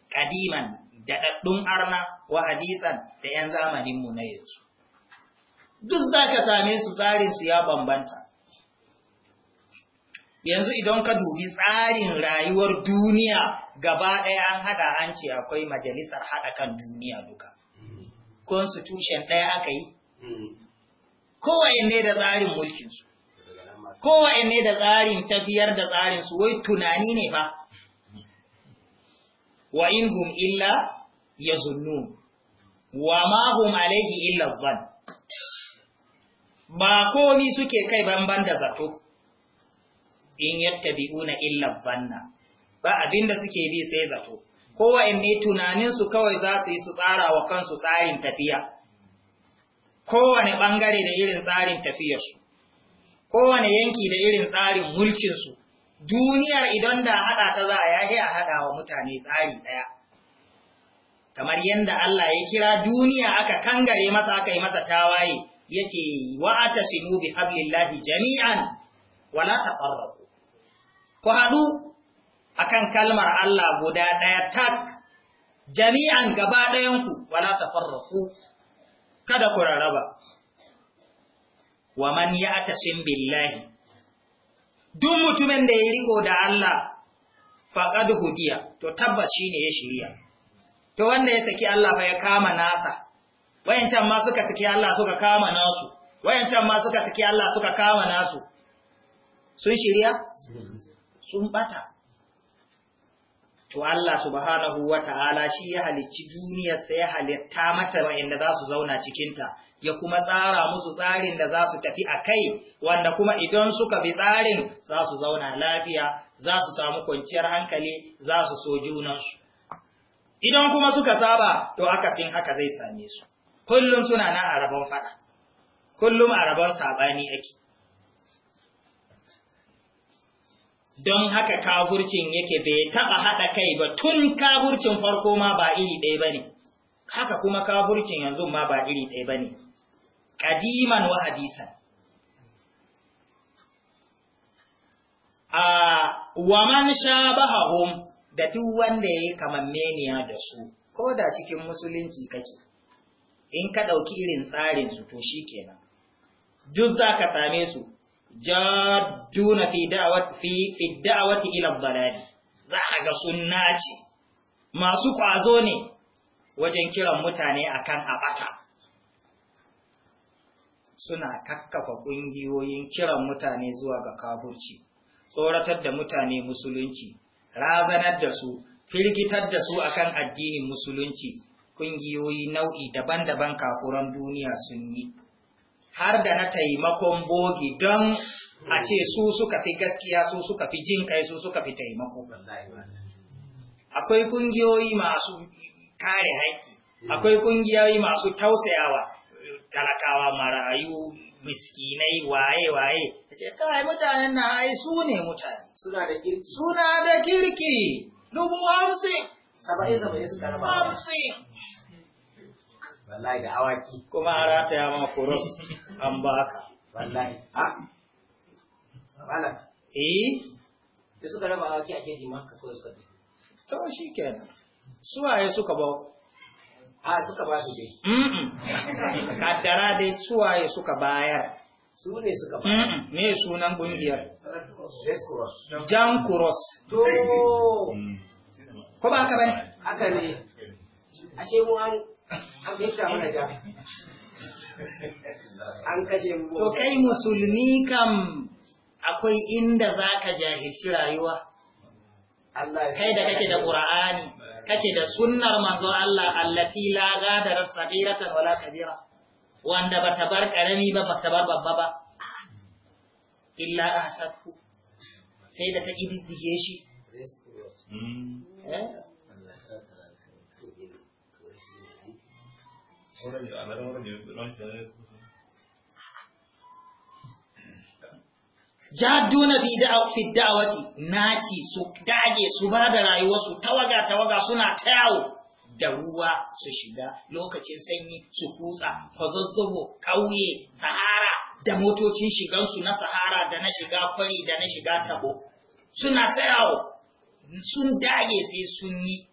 Kadiman da arna wa hadisan da ‘yan zamaninmu na yanzu. Duk za ka same su su ya bambanta. Yanzu idan ka dubi tsarin rayuwar duniya gaba ɗaya an haɗa an ce akwai majalisar haɗa kan duniya duka. Hmm. Constitution ɗaya aka yi? Hmm. ne da tsarin mulkinsu ne da tsarin tafiyar da tsarinsu wai tunani ne ba wa in hum illa ya zunnu wa ma hum alaihi illa zan ba komi suke kai banban da zato in yadda biuna illa zanna ba abinda suke bi sai zato ne tunaninsu kawai za su yi su tsara wa kansu tsarin tafiya kowane ɓangare da irin tsarin tafiyarsu kowane yanki da irin tsarin mulkin su, duniyar idan da haɗa ta za a yahe a haɗa wa mutane tsari ɗaya kamar yadda Allah ya kira duniya aka kangare masa aka yi masa tawaye yake wa'ata sinu bi hablillahi jami'an wala taqarrabu ku haɗu akan kalmar Allah guda ɗaya tak jami'an gaba ku wala tafarraku kada ku rarraba wa man ya'tasim billahi duk mutumin da ya riko da Allah faqad hudiya to tabbas shine ya shirya to wanda ya saki Allah fa ya kama nasa wayancan ma suka saki Allah suka kama nasu wayancan ma suka saki Allah suka kama nasu sun shirya sun bata to Allah subhanahu wa ta'ala shi ya halicci duniyar sai ya halitta mata wa'inda za su zauna cikin ta ya kuma tsara musu tsarin da za su tafi a kai wanda kuma idan suka bi tsarin za su zauna lafiya za su samu kwanciyar hankali za su so junansu idan kuma suka saba to akafin haka zai same su kullum suna nan a fada kullum araban sabani yake don haka kafurcin yake bai taɓa haɗa kai ba tun kafurcin farko ma ba iri ɗaya ba ne, haka kuma kafurcin yanzu ma ba iri ɗaya ba ne, ƙadiman wa hadisan. A waman sha bahahum da duk wanda ya yi kamammeniya da su, ko da cikin musulunci kake, in ka ɗauki irin tsarin su to shi kenan, duk za ka same su. jaduna fi da'wati fi da'wati ila dalali za a ga sunnaci masu kwazo ne wajen kiran mutane akan abata suna kakkafa kungiyoyin kiran mutane zuwa ga kafurci tsoratar da mutane musulunci razanar da su firgitar da su akan addinin musulunci kungiyoyi nau'i daban-daban kafuran duniya sun yi har da na taimakon bogi don a ce su suka fi gaskiya su suka fi jin kai su suka fi taimako akwai kungiyoyi masu kare haƙƙi mm. akwai kungiyoyi masu tausayawa talakawa marayu miskinai waye waye ce kawai mutanen na ai su ne mutane suna da kirki suna da kirki dubu hamsin saba'in saba'in suka raba hamsin wallahi da awaki kuma a rataya ma kuros an baka wallahi ha wala eh da suka raba awaki a keji maka ko suka tafi to Su suwaye suka ba a suka ba su dai kaddara dai suwaye suka bayar su ne suka ba. me sunan kungiyar jan kuros to mm. ko ba ka bane haka ne ashe mu an an kashe to kai musulmi kam akwai inda zaka jahilci rayuwa kai da kake da ƙur'ani, kake da sunnar manzo Allah allati Laga, da saghiratan wala kabira wanda ta bar ƙarami ba ta bar babba ba illa ahsatku sai da ta kididdige shi 소란이가 안 하라고 하는 이런 da 하잖아요. jaduna fi fi naci su dage su ba da rayuwarsu tawaga tawaga suna ta yawo da ruwa su shiga lokacin sanyi su kutsa fazazzabo ƙauye sahara da motocin shigansu na sahara da na shiga kwari da na shiga tabo suna ta yawo sun dage sai sun yi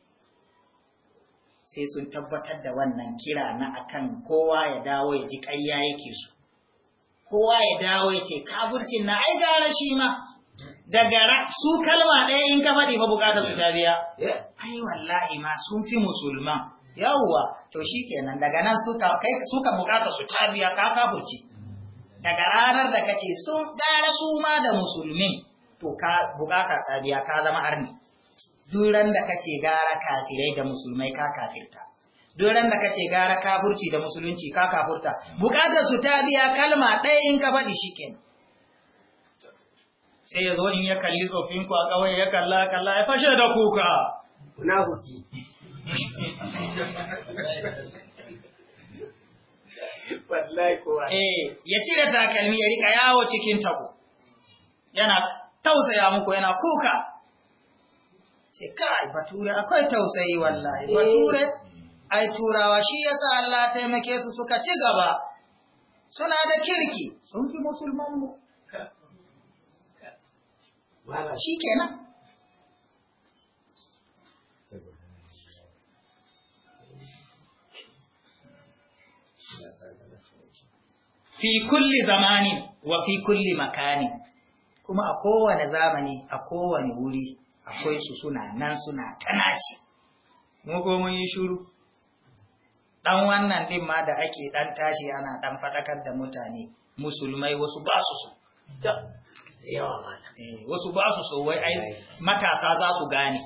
sai sun tabbatar da wannan kira na akan kowa ya dawo ya ji ƙarya yake so kowa ya dawo ya ce kafircin na ai gara shi ma daga su kalma ɗaya in ka faɗi fa bukatar su ta biya ai wallahi ma sun fi musulman yawwa to shi kenan daga nan suka ka buƙatar su ta biya ka kafirci daga ranar da kace sun gara su ma da musulmin to ka bukata ta biya ka zama arni duran da kace gara kafirai da musulmai ka kafirta duran da kace gara kafurci da musulunci ka kafurta bukatar su ta biya kalma ɗaya in ka faɗi shikenan sai ya zo in ya kalli tsofin ku a kawai ya kalla kalla ya fashe da kuka na huki Eh, ya cire takalmi ya riƙa yawo cikin tabo yana tausaya muku yana kuka sai kai bature akwai tausayi wallahi eh. bature ai turawa shi yasa Allah taimake su suka ci gaba suna da kirki sun fi musulman mu shi kenan fi kulli zamani wa fi kulli makani kuma a kowane zamani a kowane wuri akwai su suna nan suna tanaci mu ko mun yi shuru dan wannan din ma da ake dan tashi ana dan fadakar da mutane musulmai wasu ba su so eh, wasu ba su so wai ai matasa za su gane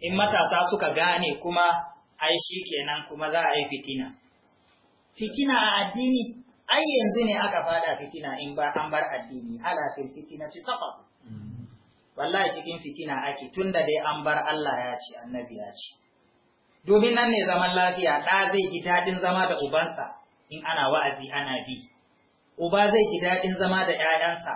in matasa suka gane kuma ai kenan kuma za a yi fitina fitina a addini ai yanzu ne aka fada fitina in ba an bar addini ala fil fitinati saqatu wallahi cikin fitina ake tunda dai an bar Allah ya ce annabi ya ce domin nan ne zaman lafiya ɗa zai ji daɗin zama da ubansa in ana wa'azi ana bi uba zai ji daɗin zama da ‘ya'yansa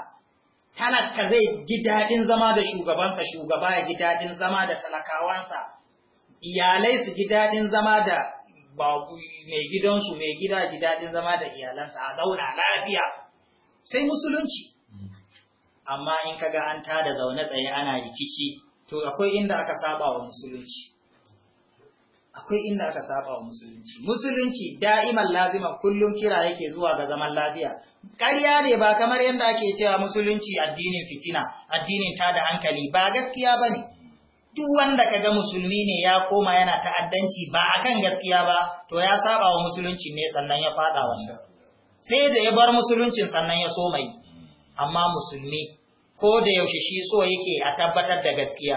talaka zai ji daɗin zama da shugabansa shugaba ya ji daɗin zama da talakawansa iyalai su ji daɗin zama da mai gidansu mai gida ji daɗin zama da iyalansa a zauna lafiya sai musulunci amma in kaga an tada zaune tsaye ana rikici to akwai inda aka saba wa musulunci akwai inda aka saba wa musulunci musulunci da'iman lazima kullum kira yake zuwa ga zaman lafiya ƙarya ne ba kamar yadda ake cewa musulunci addinin fitina addinin tada hankali ba gaskiya bane duk wanda kaga musulmi ne ya koma yana ta'addanci ba akan gaskiya ba to ya saba wa musulunci ne sannan ya fada wanda. sai da ya bar musuluncin sannan ya so mai amma musulmi ko da yaushe shi so yake a tabbatar da gaskiya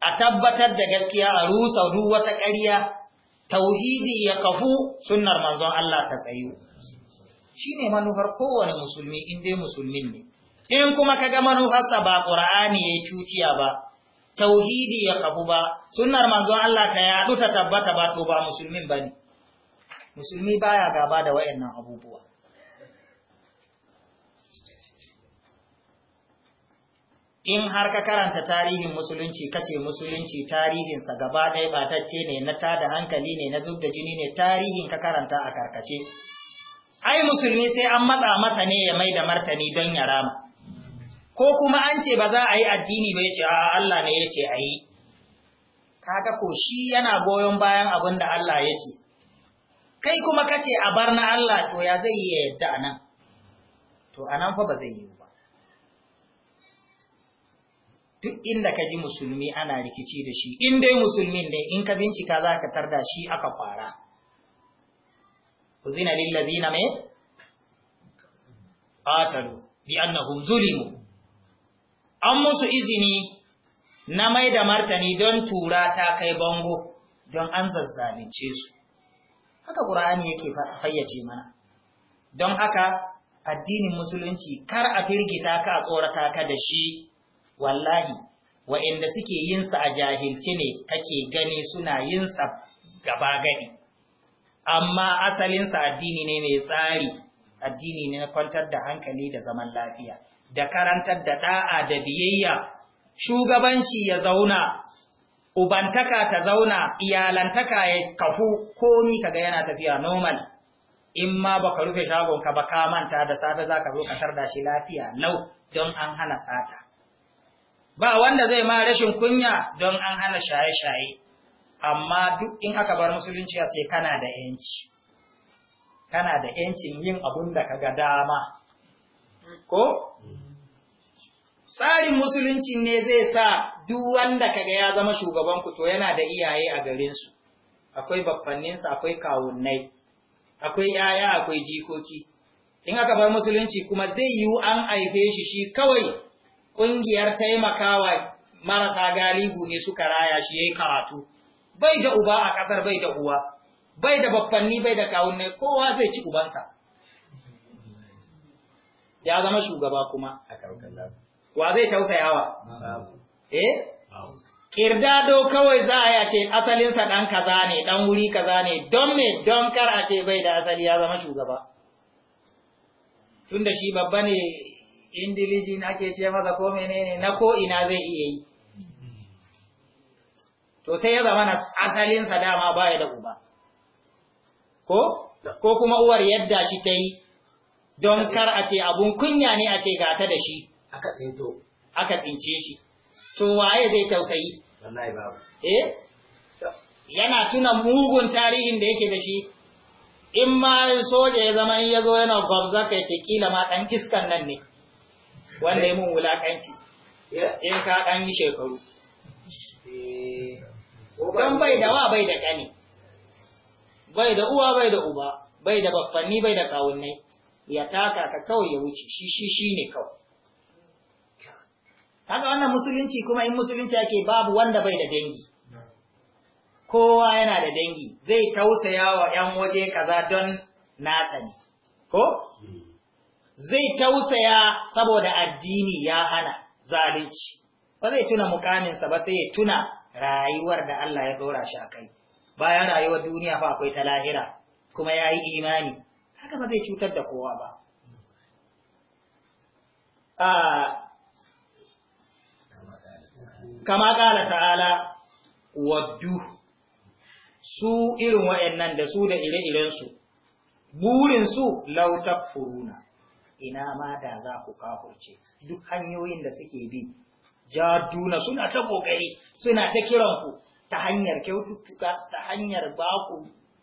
a tabbatar da gaskiya a rusa duk wata ƙarya tauhidi ya kafu sunnar manzon Allah ta tsayu shine manufar kowane musulmi in dai Musulmi ne in kuma kaga manufarsa ba qur'ani yayi cuciya ba tauhidi ya kafu ba sunnar manzon Allah ta yadu ta tabbata ba to ba musulmin bane musulmi baya gaba da wayannan abubuwa in har ka karanta tarihin musulunci kace musulunci tarihinsa gaba ɗaya batacce ne na tada hankali ne na zubda jini ne tarihin ka karanta a karkace ai musulmi sai an matsa masa ne ya mai da martani don ya rama ko kuma an ce ba za a yi addini ba ya ce a Allah ne ya ce a yi kaga ko shi yana goyon bayan abin da Allah ya ce kai kuma kace a bar na Allah to ya zai yi yadda anan to anan fa ba zai yi duk inda ka ji musulmi ana rikici da shi in dai musulmin ne in ka bincika za ka tarda shi aka fara uzina lillazina me qatalu bi annahum zulimu an musu izini na mai da martani don tura ta kai bango don an zazzalince su haka qur'ani yake fayyace mana don haka addinin musulunci kar a firgita ka a tsorata ka da shi wallahi wa'inda suke yinsa a jahilci ne kake gani suna yin sa gaba gani. amma asalinsa addini ne mai tsari addini ne na kwantar da hankali da zaman lafiya da karantar da da'a da biyayya shugabanci ya zauna ubantaka ta zauna iyalantaka ya kafu komi kaga yana tafiya normal in ma baka rufe shagon ka ba ka manta da safe zaka zo ka tarda shi lafiya lau don an hana sata ba wanda zai ma rashin kunya don an hana shaye-shaye amma duk in aka bar musulunci a sai kana da yanci kana da yancin yin abun da ka ga dama ko tsarin musulunci ne zai sa duk wanda kaga ya zama shugaban ku to yana da iyaye a garinsu. su akwai baffanninsa akwai kawunnai akwai yaya akwai jikoki in aka bar musulunci kuma zai yiwu an aife shi shi kawai ƙungiyar taimakawa marasa galihu ne suka raya shi yi karatu bai da uba a ƙasar bai da uwa bai da baffanni bai da kawunne kowa zai ci ubansa ya zama shugaba kuma wa zai tausayawa eh kirdado kawai za a yi a ce asalinsa ɗan kaza ne ɗan wuri kaza ne don me don kar a ce bai da asali ya zama shugaba Tun da shi babba ne na ake ce masa ko menene na ko ina zai iya yi to sai ya zama na asalinsa dama baya da uba ko ko kuma uwar yadda shi ta yi don kar a ce abun kunya ne a ce gata da shi aka tsince shi to waye zai tausayi eh yana tuna mugun tarihin da yake da shi in ma soja ya zama in ya zo yana gwamza kai ta kila ma ɗan iskan nan ne wanda ya mun wulakanci in ka ɗan yi shekaru eh, don bai da wa bai da ƙani bai da uwa bai da uba bai da baffanni bai da kawunnai ya taka ka kawai ya wuce shi shi shi ne kawai haka wannan musulunci kuma in musulunci ake babu wanda bai da dangi kowa yana da dangi zai tausaya wa ‘yan waje kaza don nasa ne ko hmm. zai tausaya saboda addini ya hana zalunci ba zai tuna mukaminsa ba sai ya tuna rayuwar da Allah ya ɗora shi a kai bayan rayuwar duniya fa akwai ta lahira kuma ya yi imani haka ba zai cutar da kowa ba kama ƙala ta'ala waddu su irin wa'annan da su da ire-irensu burinsu lautar furuna ina ma da za ku kafurce duk hanyoyin da suke bi jaduna suna ta kokari suna ta kiran ku ta hanyar kyaututtuka ta hanyar baku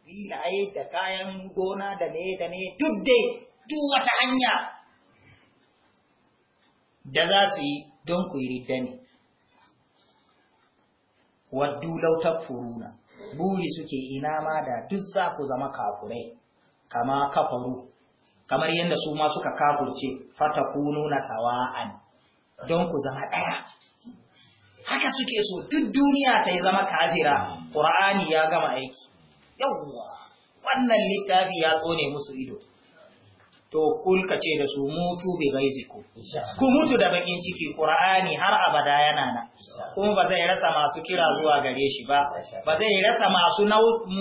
filaye da kayan gona da ne da ne duk dai duk wata hanya da za su yi don ku yi riddani waddu lautar furuna buri suke ina ma da duk za ku zama kafurai kama kafaru kamar yadda su ma suka kafurce fatakunu na sawa'an don ku zama ɗaya haka suke so duk duniya ta yi zama kafira ƙur'ani ya gama aiki yawwa wannan littafi ya tsone musu ido to kulka ce da su mutu zai gaiziku ku mutu da bakin ciki ƙura'ani har abada yana nan kuma ba zai rasa masu kira zuwa gare shi ba ba zai rasa masu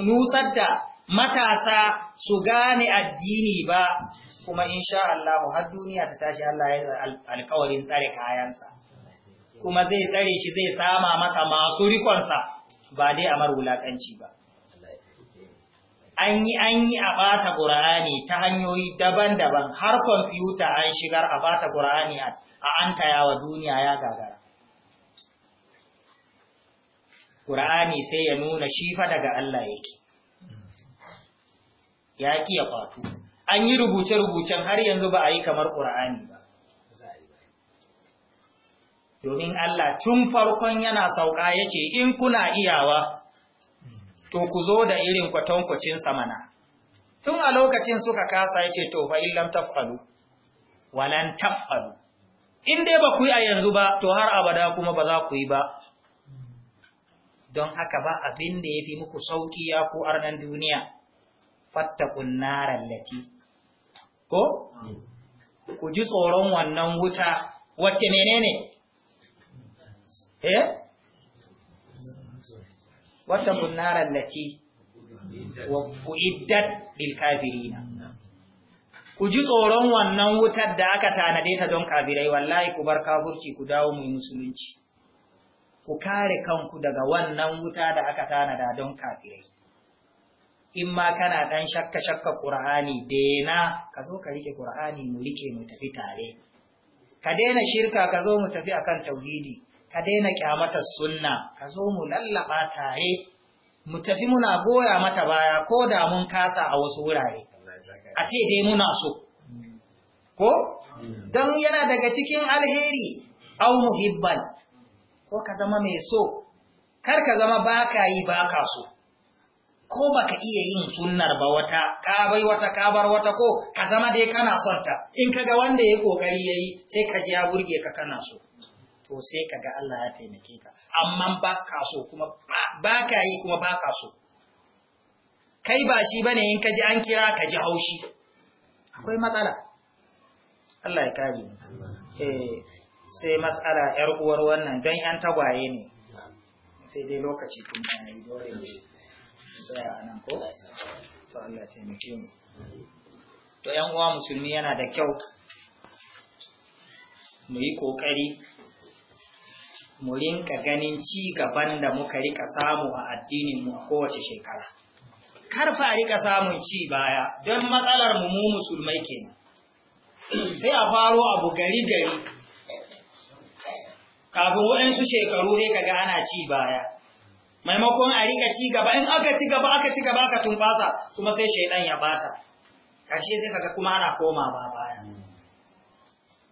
nusar da matasa su gane addini ba kuma insha Allah har duniya ta tashi Allah ya alƙawarin tsare kayansa kuma zai tsare shi zai sama masa masu rikonsa ba dai a mar wulakanci ba an yi an yi a bata Qur'ani ta hanyoyi daban-daban har kwamfuta an shigar a bata Qur'ani a an wa duniya ya gagara Qur'ani sai ya nuna shifa daga Allah yake ya ki ya an yi rubuce-rubucen har yanzu ba a yi kamar ƙura'ani ba domin Allah tun farkon yana sauka yake in kuna iyawa to ku zo da irin kwatankwacin samana tun a lokacin suka kasa ya ce to fa'in lam taf'alu walan taf'alu in dai ba ku yi a yanzu ba to har abada kuma ba za ku yi ba don haka ba abin da ya fi muku sauƙi ya ku arnan duniya fattakun naran lati ko ku ji tsoron wannan wuta wacce menene eh fattakun naran lati wa ku lil kafirina ku ji tsoron wannan wutar da aka tanade ta don kabirai wallahi ku bar kafurci ku dawo mu musulunci ku kare kanku daga wannan wuta da aka tanada don kafirai in ma kana ɗan shakka shakka ƙur'ani dena ka zo ka rike ƙur'ani mu rike mu tafi tare ka daina shirka ka zo mu tafi akan tauhidi ka daina kyamatar sunna ka zo mu lallaba tare mu tafi muna goya mata baya ko da mun kasa a wasu wurare a ce dai muna so ko don yana daga cikin alheri au muhibban ko ka zama mai so kar ka zama baka yi baka so ko baka iya yin sunnar ba wata ka bai wata ka bar wata ko ka zama dai kana son ta in kaga wanda yayi kokari yayi sai ka ji ya burge ka kana so to sai kaga Allah ya taimake ka amma ba ka so kuma ba ka yi kuma ba ka so kai ba shi bane in ka ji an kira ka ji haushi akwai matsala Allah ya kare eh sai matsala yar uwar wannan don yan tagwaye ne sai dai lokaci kuma yayi dole ne to yan uwa musulmi yana da kyau mu yi kokari mu rinka ganin ci gaban da muka rika samu a addinin mu a kowace shekara karfa rika samun ci baya don matsalar mu mu musulmai kenan sai a faro abu gari gari kafin waɗansu shekaru sai kaga ana ci baya maimakon a ci gaba in aka ci gaba aka ci gaba aka tumbasa kuma sai shaidan ya bata karshe zai kaga kuma ana koma ba baya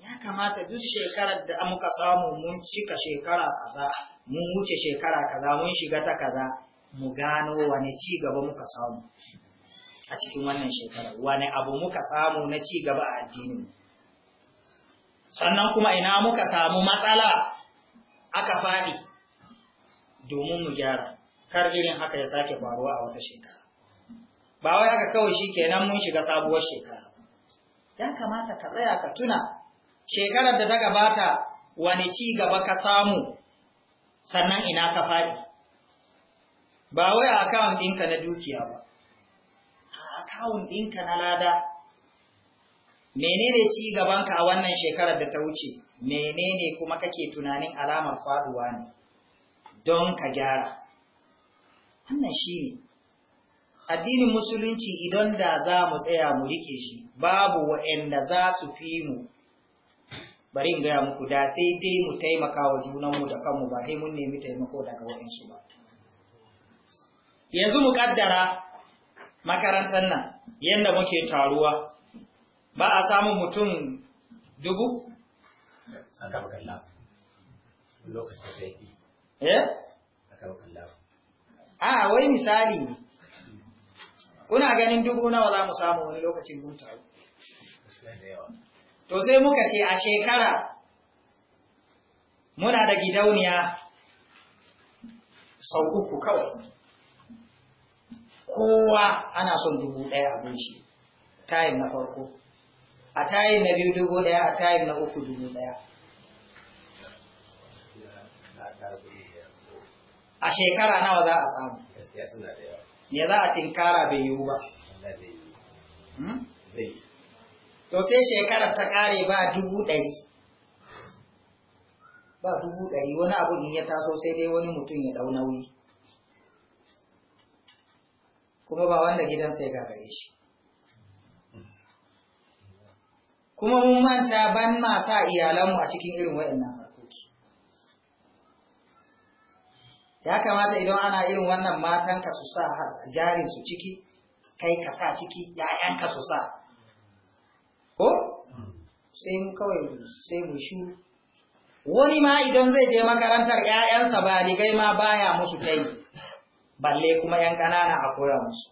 ya kamata duk shekarar da muka samu mun cika shekara kaza mun wuce shekara kaza mun shiga ta kaza mu gano wane ci gaba muka samu a cikin wannan shekarar wane abu muka samu na ci gaba a addinin sannan kuma ina muka samu matsala aka faɗi domin mu gyara kar irin haka ya sake faruwa a wata shekara ba wai haka kawai shi kenan mun shiga sabuwar shekara ya kamata ka tsaya ka tuna shekarar da ta gabata wani ci gaba ka samu sannan ina ka faɗi ba wai akawun ɗinka na dukiya ba a akawun ɗinka na lada menene ci gabanka a wannan shekarar da ta wuce menene kuma kake tunanin alamar faɗuwa ne don ka gyara wannan shi ne addinin musulunci idan da za mu tsaya mu rike shi babu wayanda za su fi mu bari in gaya muku da sai dai mu taimaka wa junanmu da kanmu ba sai mun nemi taimako daga waɗansu ba yanzu mu kaddara makarantar nan yadda muke taruwa ba a samun mutum dubu? lokacin eh a wai misali ne kuna ganin dubu nawa za mu samu wani lokacin mun to sai muka ce a shekara muna da gidauniya sau uku kawai kowa ana son dubu ɗaya abinci tayin na farko a tayin na biyu dubu ɗaya a tayin na uku dubu ɗaya a shekara nawa za a samu me za a tinkara bai yiwu ba hmm? to sai shekarar ta kare ba dubu ɗari ba dubu ɗari wani abu in ya taso sai dai wani mutum ya ɗau nauyi kuma ba wanda sai ga gagare shi kuma mun manta ban ma sa iyalanmu a cikin irin nan. ya kamata idan ana irin wannan matanka su sa jarin su ciki kai ka sa ciki ya'yanka su sa ko sai mu kawai sai mu shi wani ma idan zai je makarantar ‘ya'yansa baligai ma baya musu kai balle kuma ‘yan ƙanana a koya musu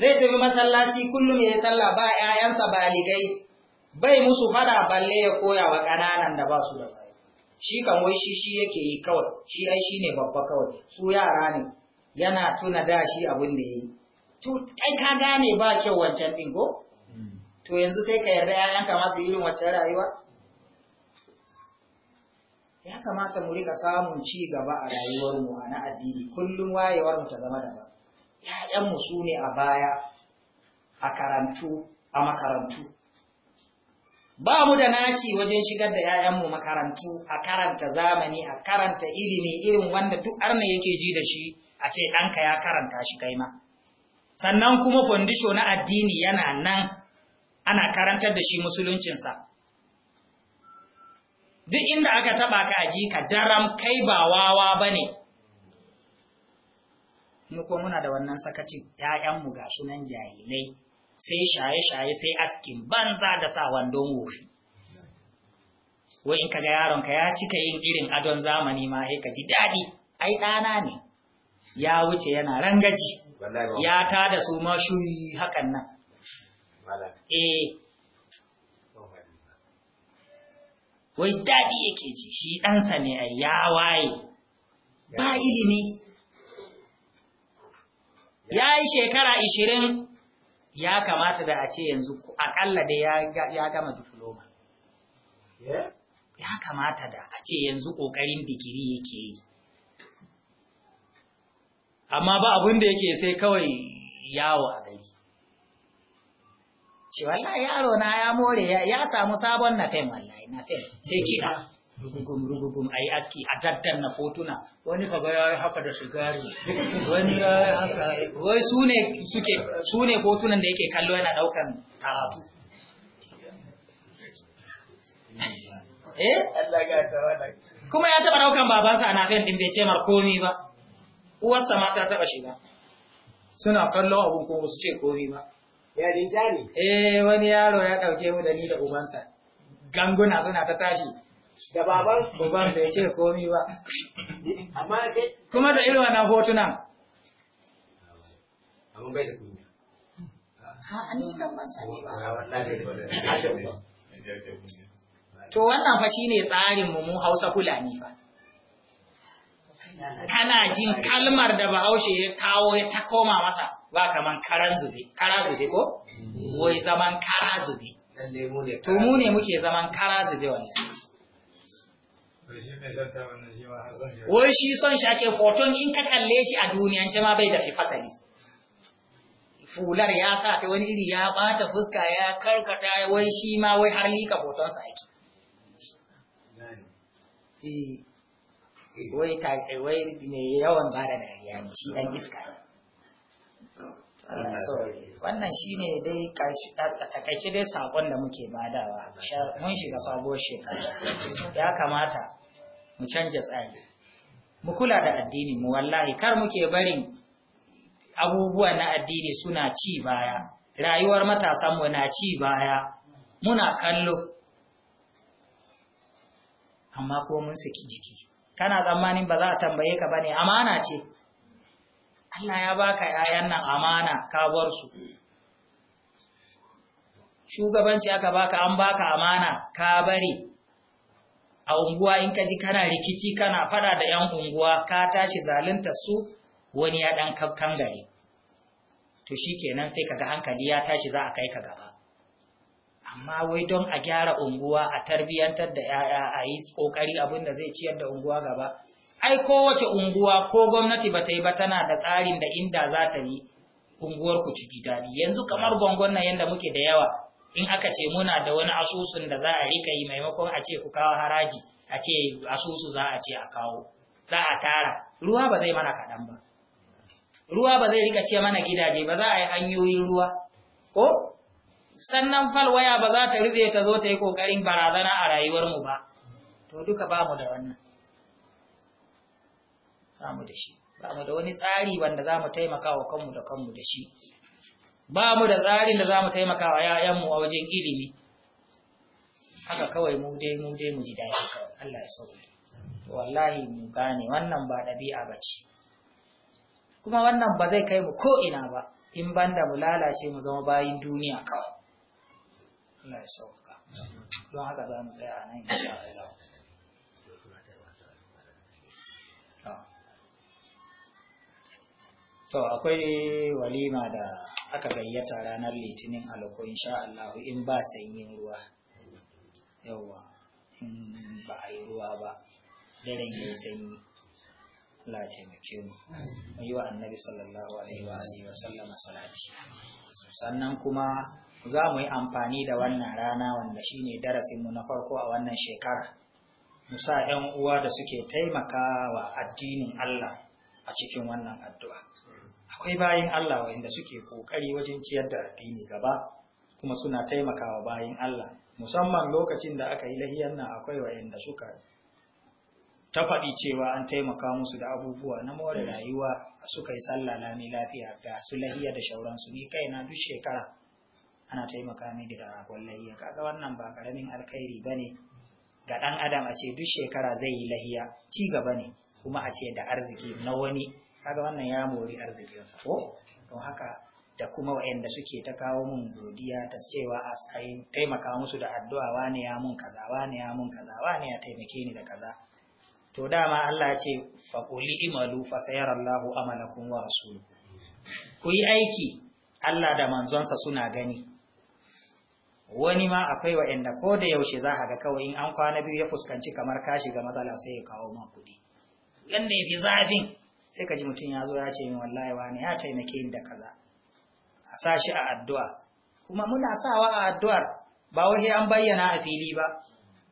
zai tafi masallaci kullum ya sallah ba ‘ya'yansa baligai bai musu fada balle ya koya wa ƙananan da ba su da shi kan wai shi shi yake yi kawai shi ai shi ne babba kawai su yara ne yana tuna da shi abin da yi to kai ka gane ba kyau wancan din ko to yanzu sai ka yarda ƴaƴanka ma su irin wancan rayuwa ya kamata mu rika samun ci gaba a rayuwar mu a na addini kullum wayewar mu ta zama daban ƴaƴan mu su ne a baya a karantu a makarantu ba mu da naci wajen shigar da 'ya'yanmu makarantu a karanta zamani a karanta ilimi irin wanda duk arna yake ji da shi a ce ɗanka ya karanta shi kai ma sannan kuma fondisho na addini yana nan ana karantar da shi musuluncinsa duk inda aka taba ka aji ka daram kai ba wawa ba ne muna da wannan sakacin 'ya'yanmu ga sunan jahilai sai shaye-shaye sai askin banza da sa wandon wofi wai in kaga yaronka ya cika yin irin adon zamani ma sai ka ji daɗi ai ɗana ne ya wuce yana rangaji ya ta da su ma hakan nan eh wai daɗi yake ji shi ɗansa ne ai ya waye ba ilimi ya yi shekara ishirin ya kamata da a ce yanzu akalla da ya gama diploma eh? ya kamata da a ce yanzu ƙoƙarin digiri yake yi amma ba abin da yake sai kawai yawo a gari ce yaro na ya more ya samu sabon na fem wallahi na fem sai kira. rugugum rugugum a yi aski a tattar na fotuna wani kaga ya yi haka da shigari wani ya yi haka wai su ne suke su ne fotunan da yake kallo yana daukan karatu [LAUGHS] eh kuma ya taba daukan babansa a nafiyan din bai ce mar komi ba uwarsa ma ta taba shiga suna kallo abun ko su ce komi ba ya din jani eh wani yaro ya dauke mu da ni da ubansa ganguna suna ta tashi da baban baban bai ce komi ba amma ke kuma da irin wannan hotunan amma bai da kunya ha yi kan ban sani ba to wannan fa shine tsarin mu mu Hausa Fulani fa kana jin kalmar da Bahaushe ya kawo ya ta koma masa ba kaman karan zube kara zube ko mm. wai zaman kara zube to mu ne muke zaman kara zube wannan Wai shi son shi ake hoton in ka kalle shi a ce ma bai da fi fasali. Fular ya sa ta wani iri ya bata fuska ya karkata wai shi ma wai har lika sa ake. Eh, eh, wai ne eh, yawan ba da dariya ne shi dan iska wannan shi ne dai takaice dai sakon da muke badawa mun shiga sabuwar shekara ya kamata mu canja tsari mu kula da addini mu wallahi kar muke barin abubuwa na addini suna ci baya rayuwar matasanmu na ci baya muna kallo amma ko mun saki jiki kana tsammanin ba za a tambaye ka bane amana ce Allah ya baka yayan nan amana ka bar su shugabanci aka baka an baka amana ka bari a unguwa in ka ji kana rikici kana fada da ‘yan unguwa ka tashi zalunta su wani ya ɗan kankan gari to shi kenan sai kaga hankali ya tashi za a kai ka gaba amma wai don a gyara unguwa a tarbiyantar da ‘ya'ya a yi ƙoƙari abin da zai ciyar da unguwa gaba ai kowace unguwa ko gwamnati ba ta yi ba tana da tsarin da inda za ta yi unguwar ku ciki daɗi yanzu kamar gongon nan yadda muke da yawa in aka ce muna da wani asusun da za a rika yi maimakon a ce ku kawo haraji a ce asusu za a ce a kawo za a tara ruwa ba zai mana kaɗan ba ruwa ba zai rika ce mana gidaje ba za a yi hanyoyin ruwa ko sannan falwaya ba za ta rufe ta zo ta yi ƙoƙarin barazana a rayuwarmu ba to duka ba mu da wannan ba mu da shi ba mu da wani tsari wanda za mu taimaka wa kanmu da kanmu da shi ba mu da tsarin da za mu taimaka wa ‘ya'yanmu a wajen ilimi haka kawai mu dai mu dai mu ji daji kawai Allah ya sauke wallahi mu gane wannan ba ɗabi'a ba ce kuma wannan ba zai kai mu ko'ina ba in banda mu lalace mu zama bayin duniya kawai Allah ya sauka don haka za mu tsaya nan insha Allah to akwai walima da aka gayyata ranar litinin alako insha Allah in ba sanyin ruwa yawa in ba a yi ruwa ba daren yi sanyi la taimake mu mu wa annabi sallallahu alaihi wa alihi wa sallama salati sannan kuma za mu yi amfani da wannan rana wanda shine darasin mu na farko a wannan shekara mu sa 'yan uwa da suke taimakawa addinin Allah a cikin wannan addu'a akwai bayin Allah wanda suke kokari wajen ciyar da addini gaba kuma suna taimakawa bayin Allah musamman lokacin da aka yi lahiyar nan akwai wayanda suka ta faɗi cewa an taimaka musu da abubuwa na more rayuwa suka yi sallah lami lafiya ga su lahiya da shauransu ni kaina duk shekara ana taimaka mini da rakon lahiya kaga wannan ba karamin alkhairi bane ga ɗan adam a ce duk shekara zai yi lahiya ci gaba ne kuma a ce da arziki na wani kaga wannan ya mori arzikin ko don haka da kuma waɗanda suke ta kawo mun godiya ta cewa a taimaka musu da addu'a ne ya mun kaza ne ya mun kaza ne ya taimake ni da kaza to dama Allah ce quli imalu fa sayarallahu amalakum wa ku yi aiki Allah da manzonsa suna gani wani ma akwai waɗanda ko da yaushe za a ga kawai in an kwana biyu ya fuskanci kamar ka shiga matsala sai ya kawo man kuɗi yanda ya zafin sai ka ji mutum ya zo ya ce min wallahi wani ya taimake ni da kaza a sa shi a addu'a kuma muna sawa a addu'ar ba wai an bayyana a fili ba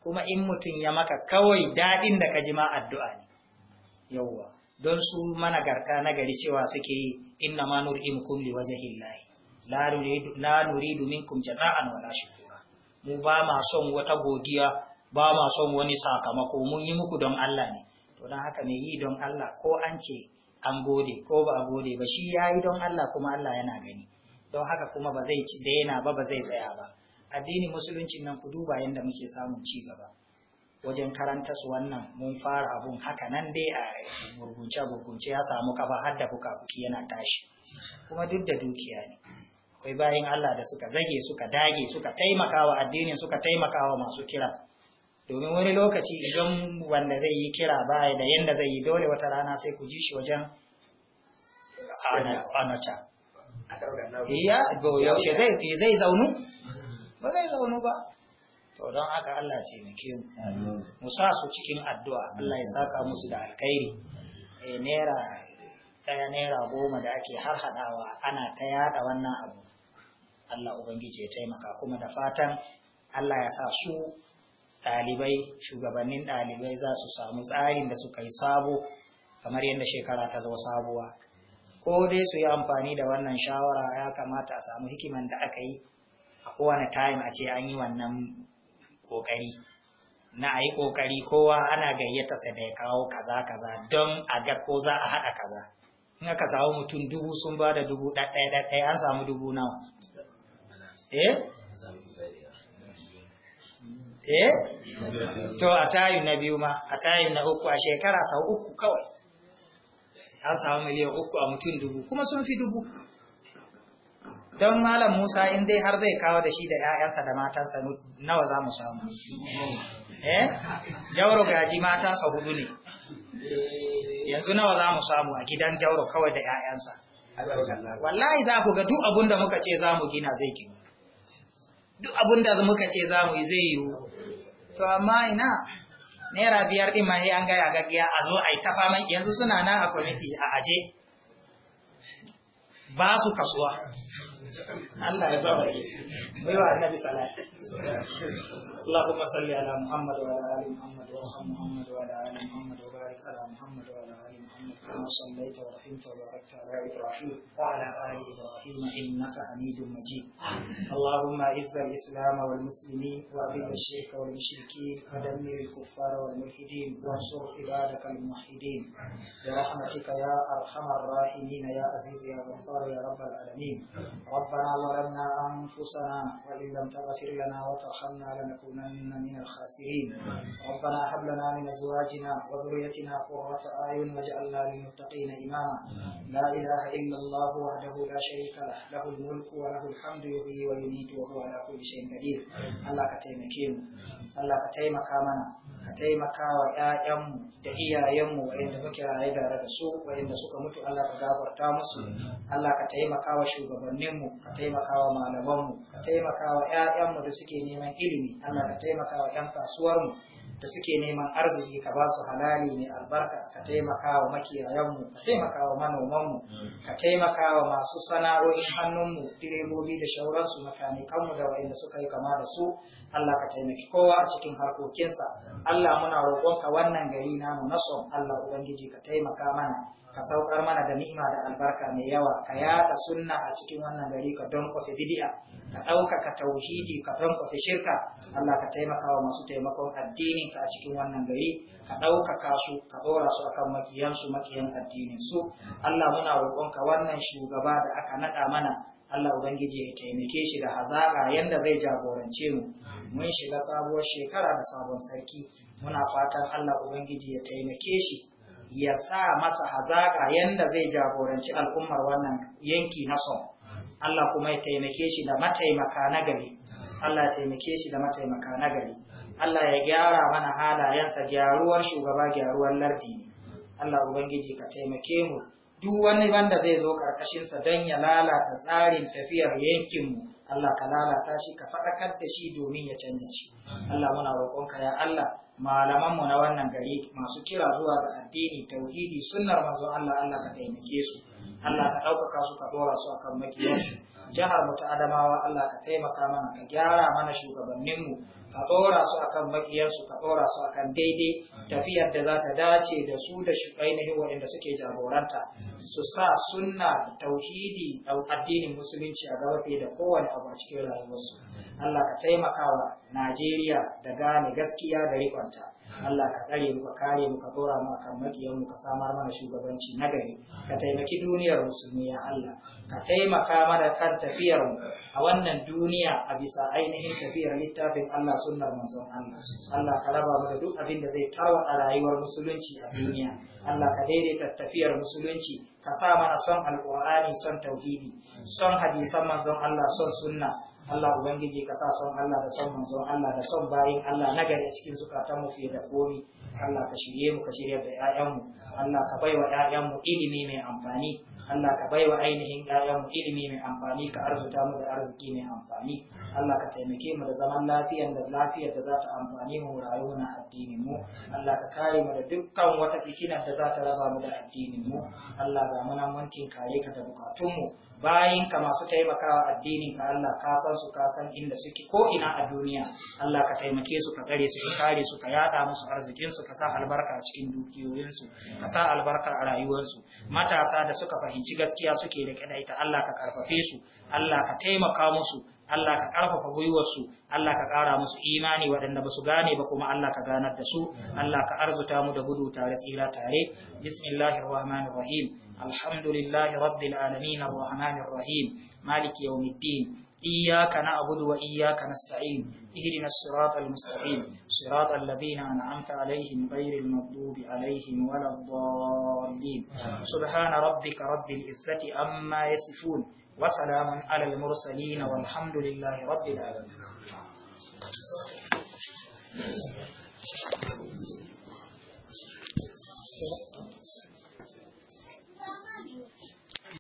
kuma in mutum ya maka kawai daɗin da ka ji ma addu'a ne yawwa don su mana garka na gari cewa suke yi inna ma nur'imukum liwajhillahi la nuridu la nuridu minkum jaza'an wala shukura mu ba ma son wata godiya ba ma son wani sakamako mun yi muku don Allah ne to don haka mai yi don Allah ko an ce an gode ko ba a gode ba shi ya yi don Allah kuma Allah yana gani don haka kuma ba zai ci daina ba ba zai tsaya ba addini musulunci nan ku duba yadda muke samun ci gaba wajen karanta su wannan mun fara abun haka nan dai a gurgunce gurgunce ya samu kafa har da fukafuki yana tashi kuma duk da dukiya ne akwai bayan Allah da suka zage suka dage suka taimakawa addinin suka taimakawa masu kira domin wani lokaci idan wanda zai yi kira baya da yadda zai yi dole wata rana sai ku ji shi wajen anata iya yaushe zai zaunu ba zai zaunu ba to don haka Allah ce muke mu sa su cikin addu'a Allah ya saka musu da alkhairi eh naira daya naira goma da ake har hadawa ana ta yada wannan abu Allah ubangiji ya taimaka kuma da fatan Allah ya sa su ɗalibai shugabannin ɗalibai za su samu tsarin da suka yi sabo kamar yadda shekara ta zo sabuwa ko dai su yi amfani da wannan shawara ya kamata a samu hikiman da aka yi a kowane time a ce an yi wannan kokari na a yi ƙoƙari kowa ana gayyata sa da ya kawo kaza kaza don a ga ko za a haɗa kaza in aka samu mutum dubu sun ba da dubu ɗaya ɗaya an samu dubu nawa eh eh to a tayin na biyu ma a tayin na uku a shekara sau uku kawai an samu miliyan uku a mutum dubu kuma sun fi dubu don malam musa in dai har zai kawo da shi da 'ya'yansa da matansa nawa za mu samu eh jauro gaji matansa hudu ne yanzu nawa za mu samu a gidan jauro kawai da 'ya'yansa wallahi za ku ga duk abin da muka ce za mu gina zai gina duk abin da muka ce za mu yi zai yiwu to amma ina naira biyar ɗin ma an gaya gaggiya a zo a yi ta faman yanzu suna nan a kwamiti a aje ba su kasuwa Allah ya zama yi mai wa annabi salati Allahumma salli ala Muhammad wa ala ali Muhammad wa Muhammad wa ala ali Muhammad wa barik ala Muhammad wa ala كما صليت ورحمت وباركت على إبراهيم وعلى آل إبراهيم إنك حميد مجيد اللهم أعز الإسلام والمسلمين وأذل الشرك والمشركين ودمر الكفار والملحدين وانصر عبادك الموحدين برحمتك يا أرحم الراحمين يا عزيز يا غفار يا رب العالمين ربنا ظلمنا أنفسنا وإن لم تغفر لنا وترحمنا لنكونن من الخاسرين ربنا هب لنا من أزواجنا وذريتنا قرة أعين واجعلنا للمتقين إماما لا إله إلا الله وحده لا شريك له له الملك ka taimaka wa ‘ya'yanmu da iyayenmu wa'inda muke tare da su wa'inda suka mutu Allah ka gafarta musu Allah ka taimaka shugabanninmu ka taimaka wa malamanmu ka taimaka wa ‘ya'yanmu da suke neman ilimi Allah ka taimaka wa ‘yan kasuwarmu da suke neman arziki ka ba su halali mai albarka ka taimaka wa makiyayenmu ka taimaka wa manomanmu ka taimaka wa masu sana'o'in hannunmu direbobi da shauransu makanikanmu da wa'inda suka yi kama da su Allah ka taimaki kowa a cikin harkokinsa Allah muna roƙonka wannan gari namu na son Allah ubangiji ka taimaka mana ka saukar mana da ni'ima da albarka mai yawa ka yaɗa sunna a cikin wannan gari ka don kofi bid'a ka ɗaukaka tauhidi ka rankwashe shirka Allah ka taimaka wa masu taimakon addini ka a cikin wannan gari ka ɗaukaka su ka ɗora su akan makiyansu makiyan addinin su Allah muna roƙonka wannan shugaba da aka naɗa mana Allah Ubangiji ya taimake shi da hazaƙa yanda zai jagorance mu mun shiga sabuwar shekara da sabon sarki muna fatan Allah Ubangiji ya taimake shi ya sa masa hazaƙa yanda zai jagoranci al'ummar wannan yanki na son. Allah kuma ya taimake shi da mataimaka na gari Allah ya taimake shi da mataimaka na gari Allah ya gyara mana halayensa gyaruwar shugaba gyaruwar lardi ne Allah ubangiji ka taimake mu duk wani wanda zai zo sa dan ya lalata tsarin tafiyar yankinmu Allah ka lalata shi ka faɗakar da shi domin ya canja shi Allah muna roƙonka ya Allah malamanmu na wannan gari masu kira zuwa ga addini tauhidi sunnar manzon Allah Allah ka taimake su Allah ka ɗaukaka su ka ɗora su akan makiyansu jihar mutu Adamawa Allah ka taimaka mana ka gyara mana shugabanninmu ka ɗora su akan makiyarsu ka ɗora su akan daidai tafiyar da za ta dace da su da ainihin waɗanda suke jagoranta su sa sunna tauhidi addinin musulunci a gaba da kowane abu a cikin rayuwarsu Allah ka taimaka wa Najeriya da gane gaskiya da rikonta Allah ka tsare mu ka kare mu ka dora mu kan makiyan mu ka samar mana shugabanci na gari ka taimaki duniyar musulmi ya Allah ka taimaka mana kan tafiyar mu a wannan duniya a bisa ainihin tafiyar littafin Allah sunnar manzon Allah Allah ka raba mu duk abin da zai tarwata rayuwar musulunci a duniya Allah ka daidaita tafiyar musulunci ka sa mana son alqur'ani son tauhidi son hadisan manzon Allah son sunna Allah ubangiji ka sa son Allah da son manzon Allah da son bayin Allah na gare cikin zukatan mu fiye da komi Allah ka shirye mu ka shirye da ƴaƴanmu Allah ka baiwa ƴaƴanmu ilimi mai amfani Allah ka baiwa ainihin ƴaƴanmu ilimi mai amfani ka arzuta mu da arziki mai amfani Allah ka taimake mu da zaman lafiyar da lafiyar da za ta amfani mu rayuwar na addinin mu Allah ka kare mu da dukkan wata fitina da za ta raba mu da addinin mu Allah ga mu nan mun kare ka da bukatun mu bayinka masu taimakawa addinin ka Allah ka san su ka san inda suke ko ina a duniya Allah ka taimake su ka tsare su ka kare su ka yada musu arzikin su ka sa albarka a cikin dukiyoyin su ka sa albarka a rayuwar su matasa da suka fahimci gaskiya suke da da ita Allah ka karfafe su Allah ka taimaka musu Allah ka ƙarfafa gwiwarsu, Allah ka ƙara musu imani waɗanda ba su gane ba kuma Allah ka ganar da su, Allah ka arzuta mu da gudu tare tsira tare. Bismillahir Rahmanir Rahim. Alhamdulillahi Rabbil Alamin Rahmanir Rahim. Malik Yawmiddin. Iyyaka na'budu wa iyyaka nasta'in. Ihdina siratal mustaqim. Siratal ladzina an'amta alaihim ghairil maghdubi alaihim waladdallin. Subhana rabbika rabbil izzati amma yasifun. wa salamun alal mursalin walhamdulillahi rabbil alamin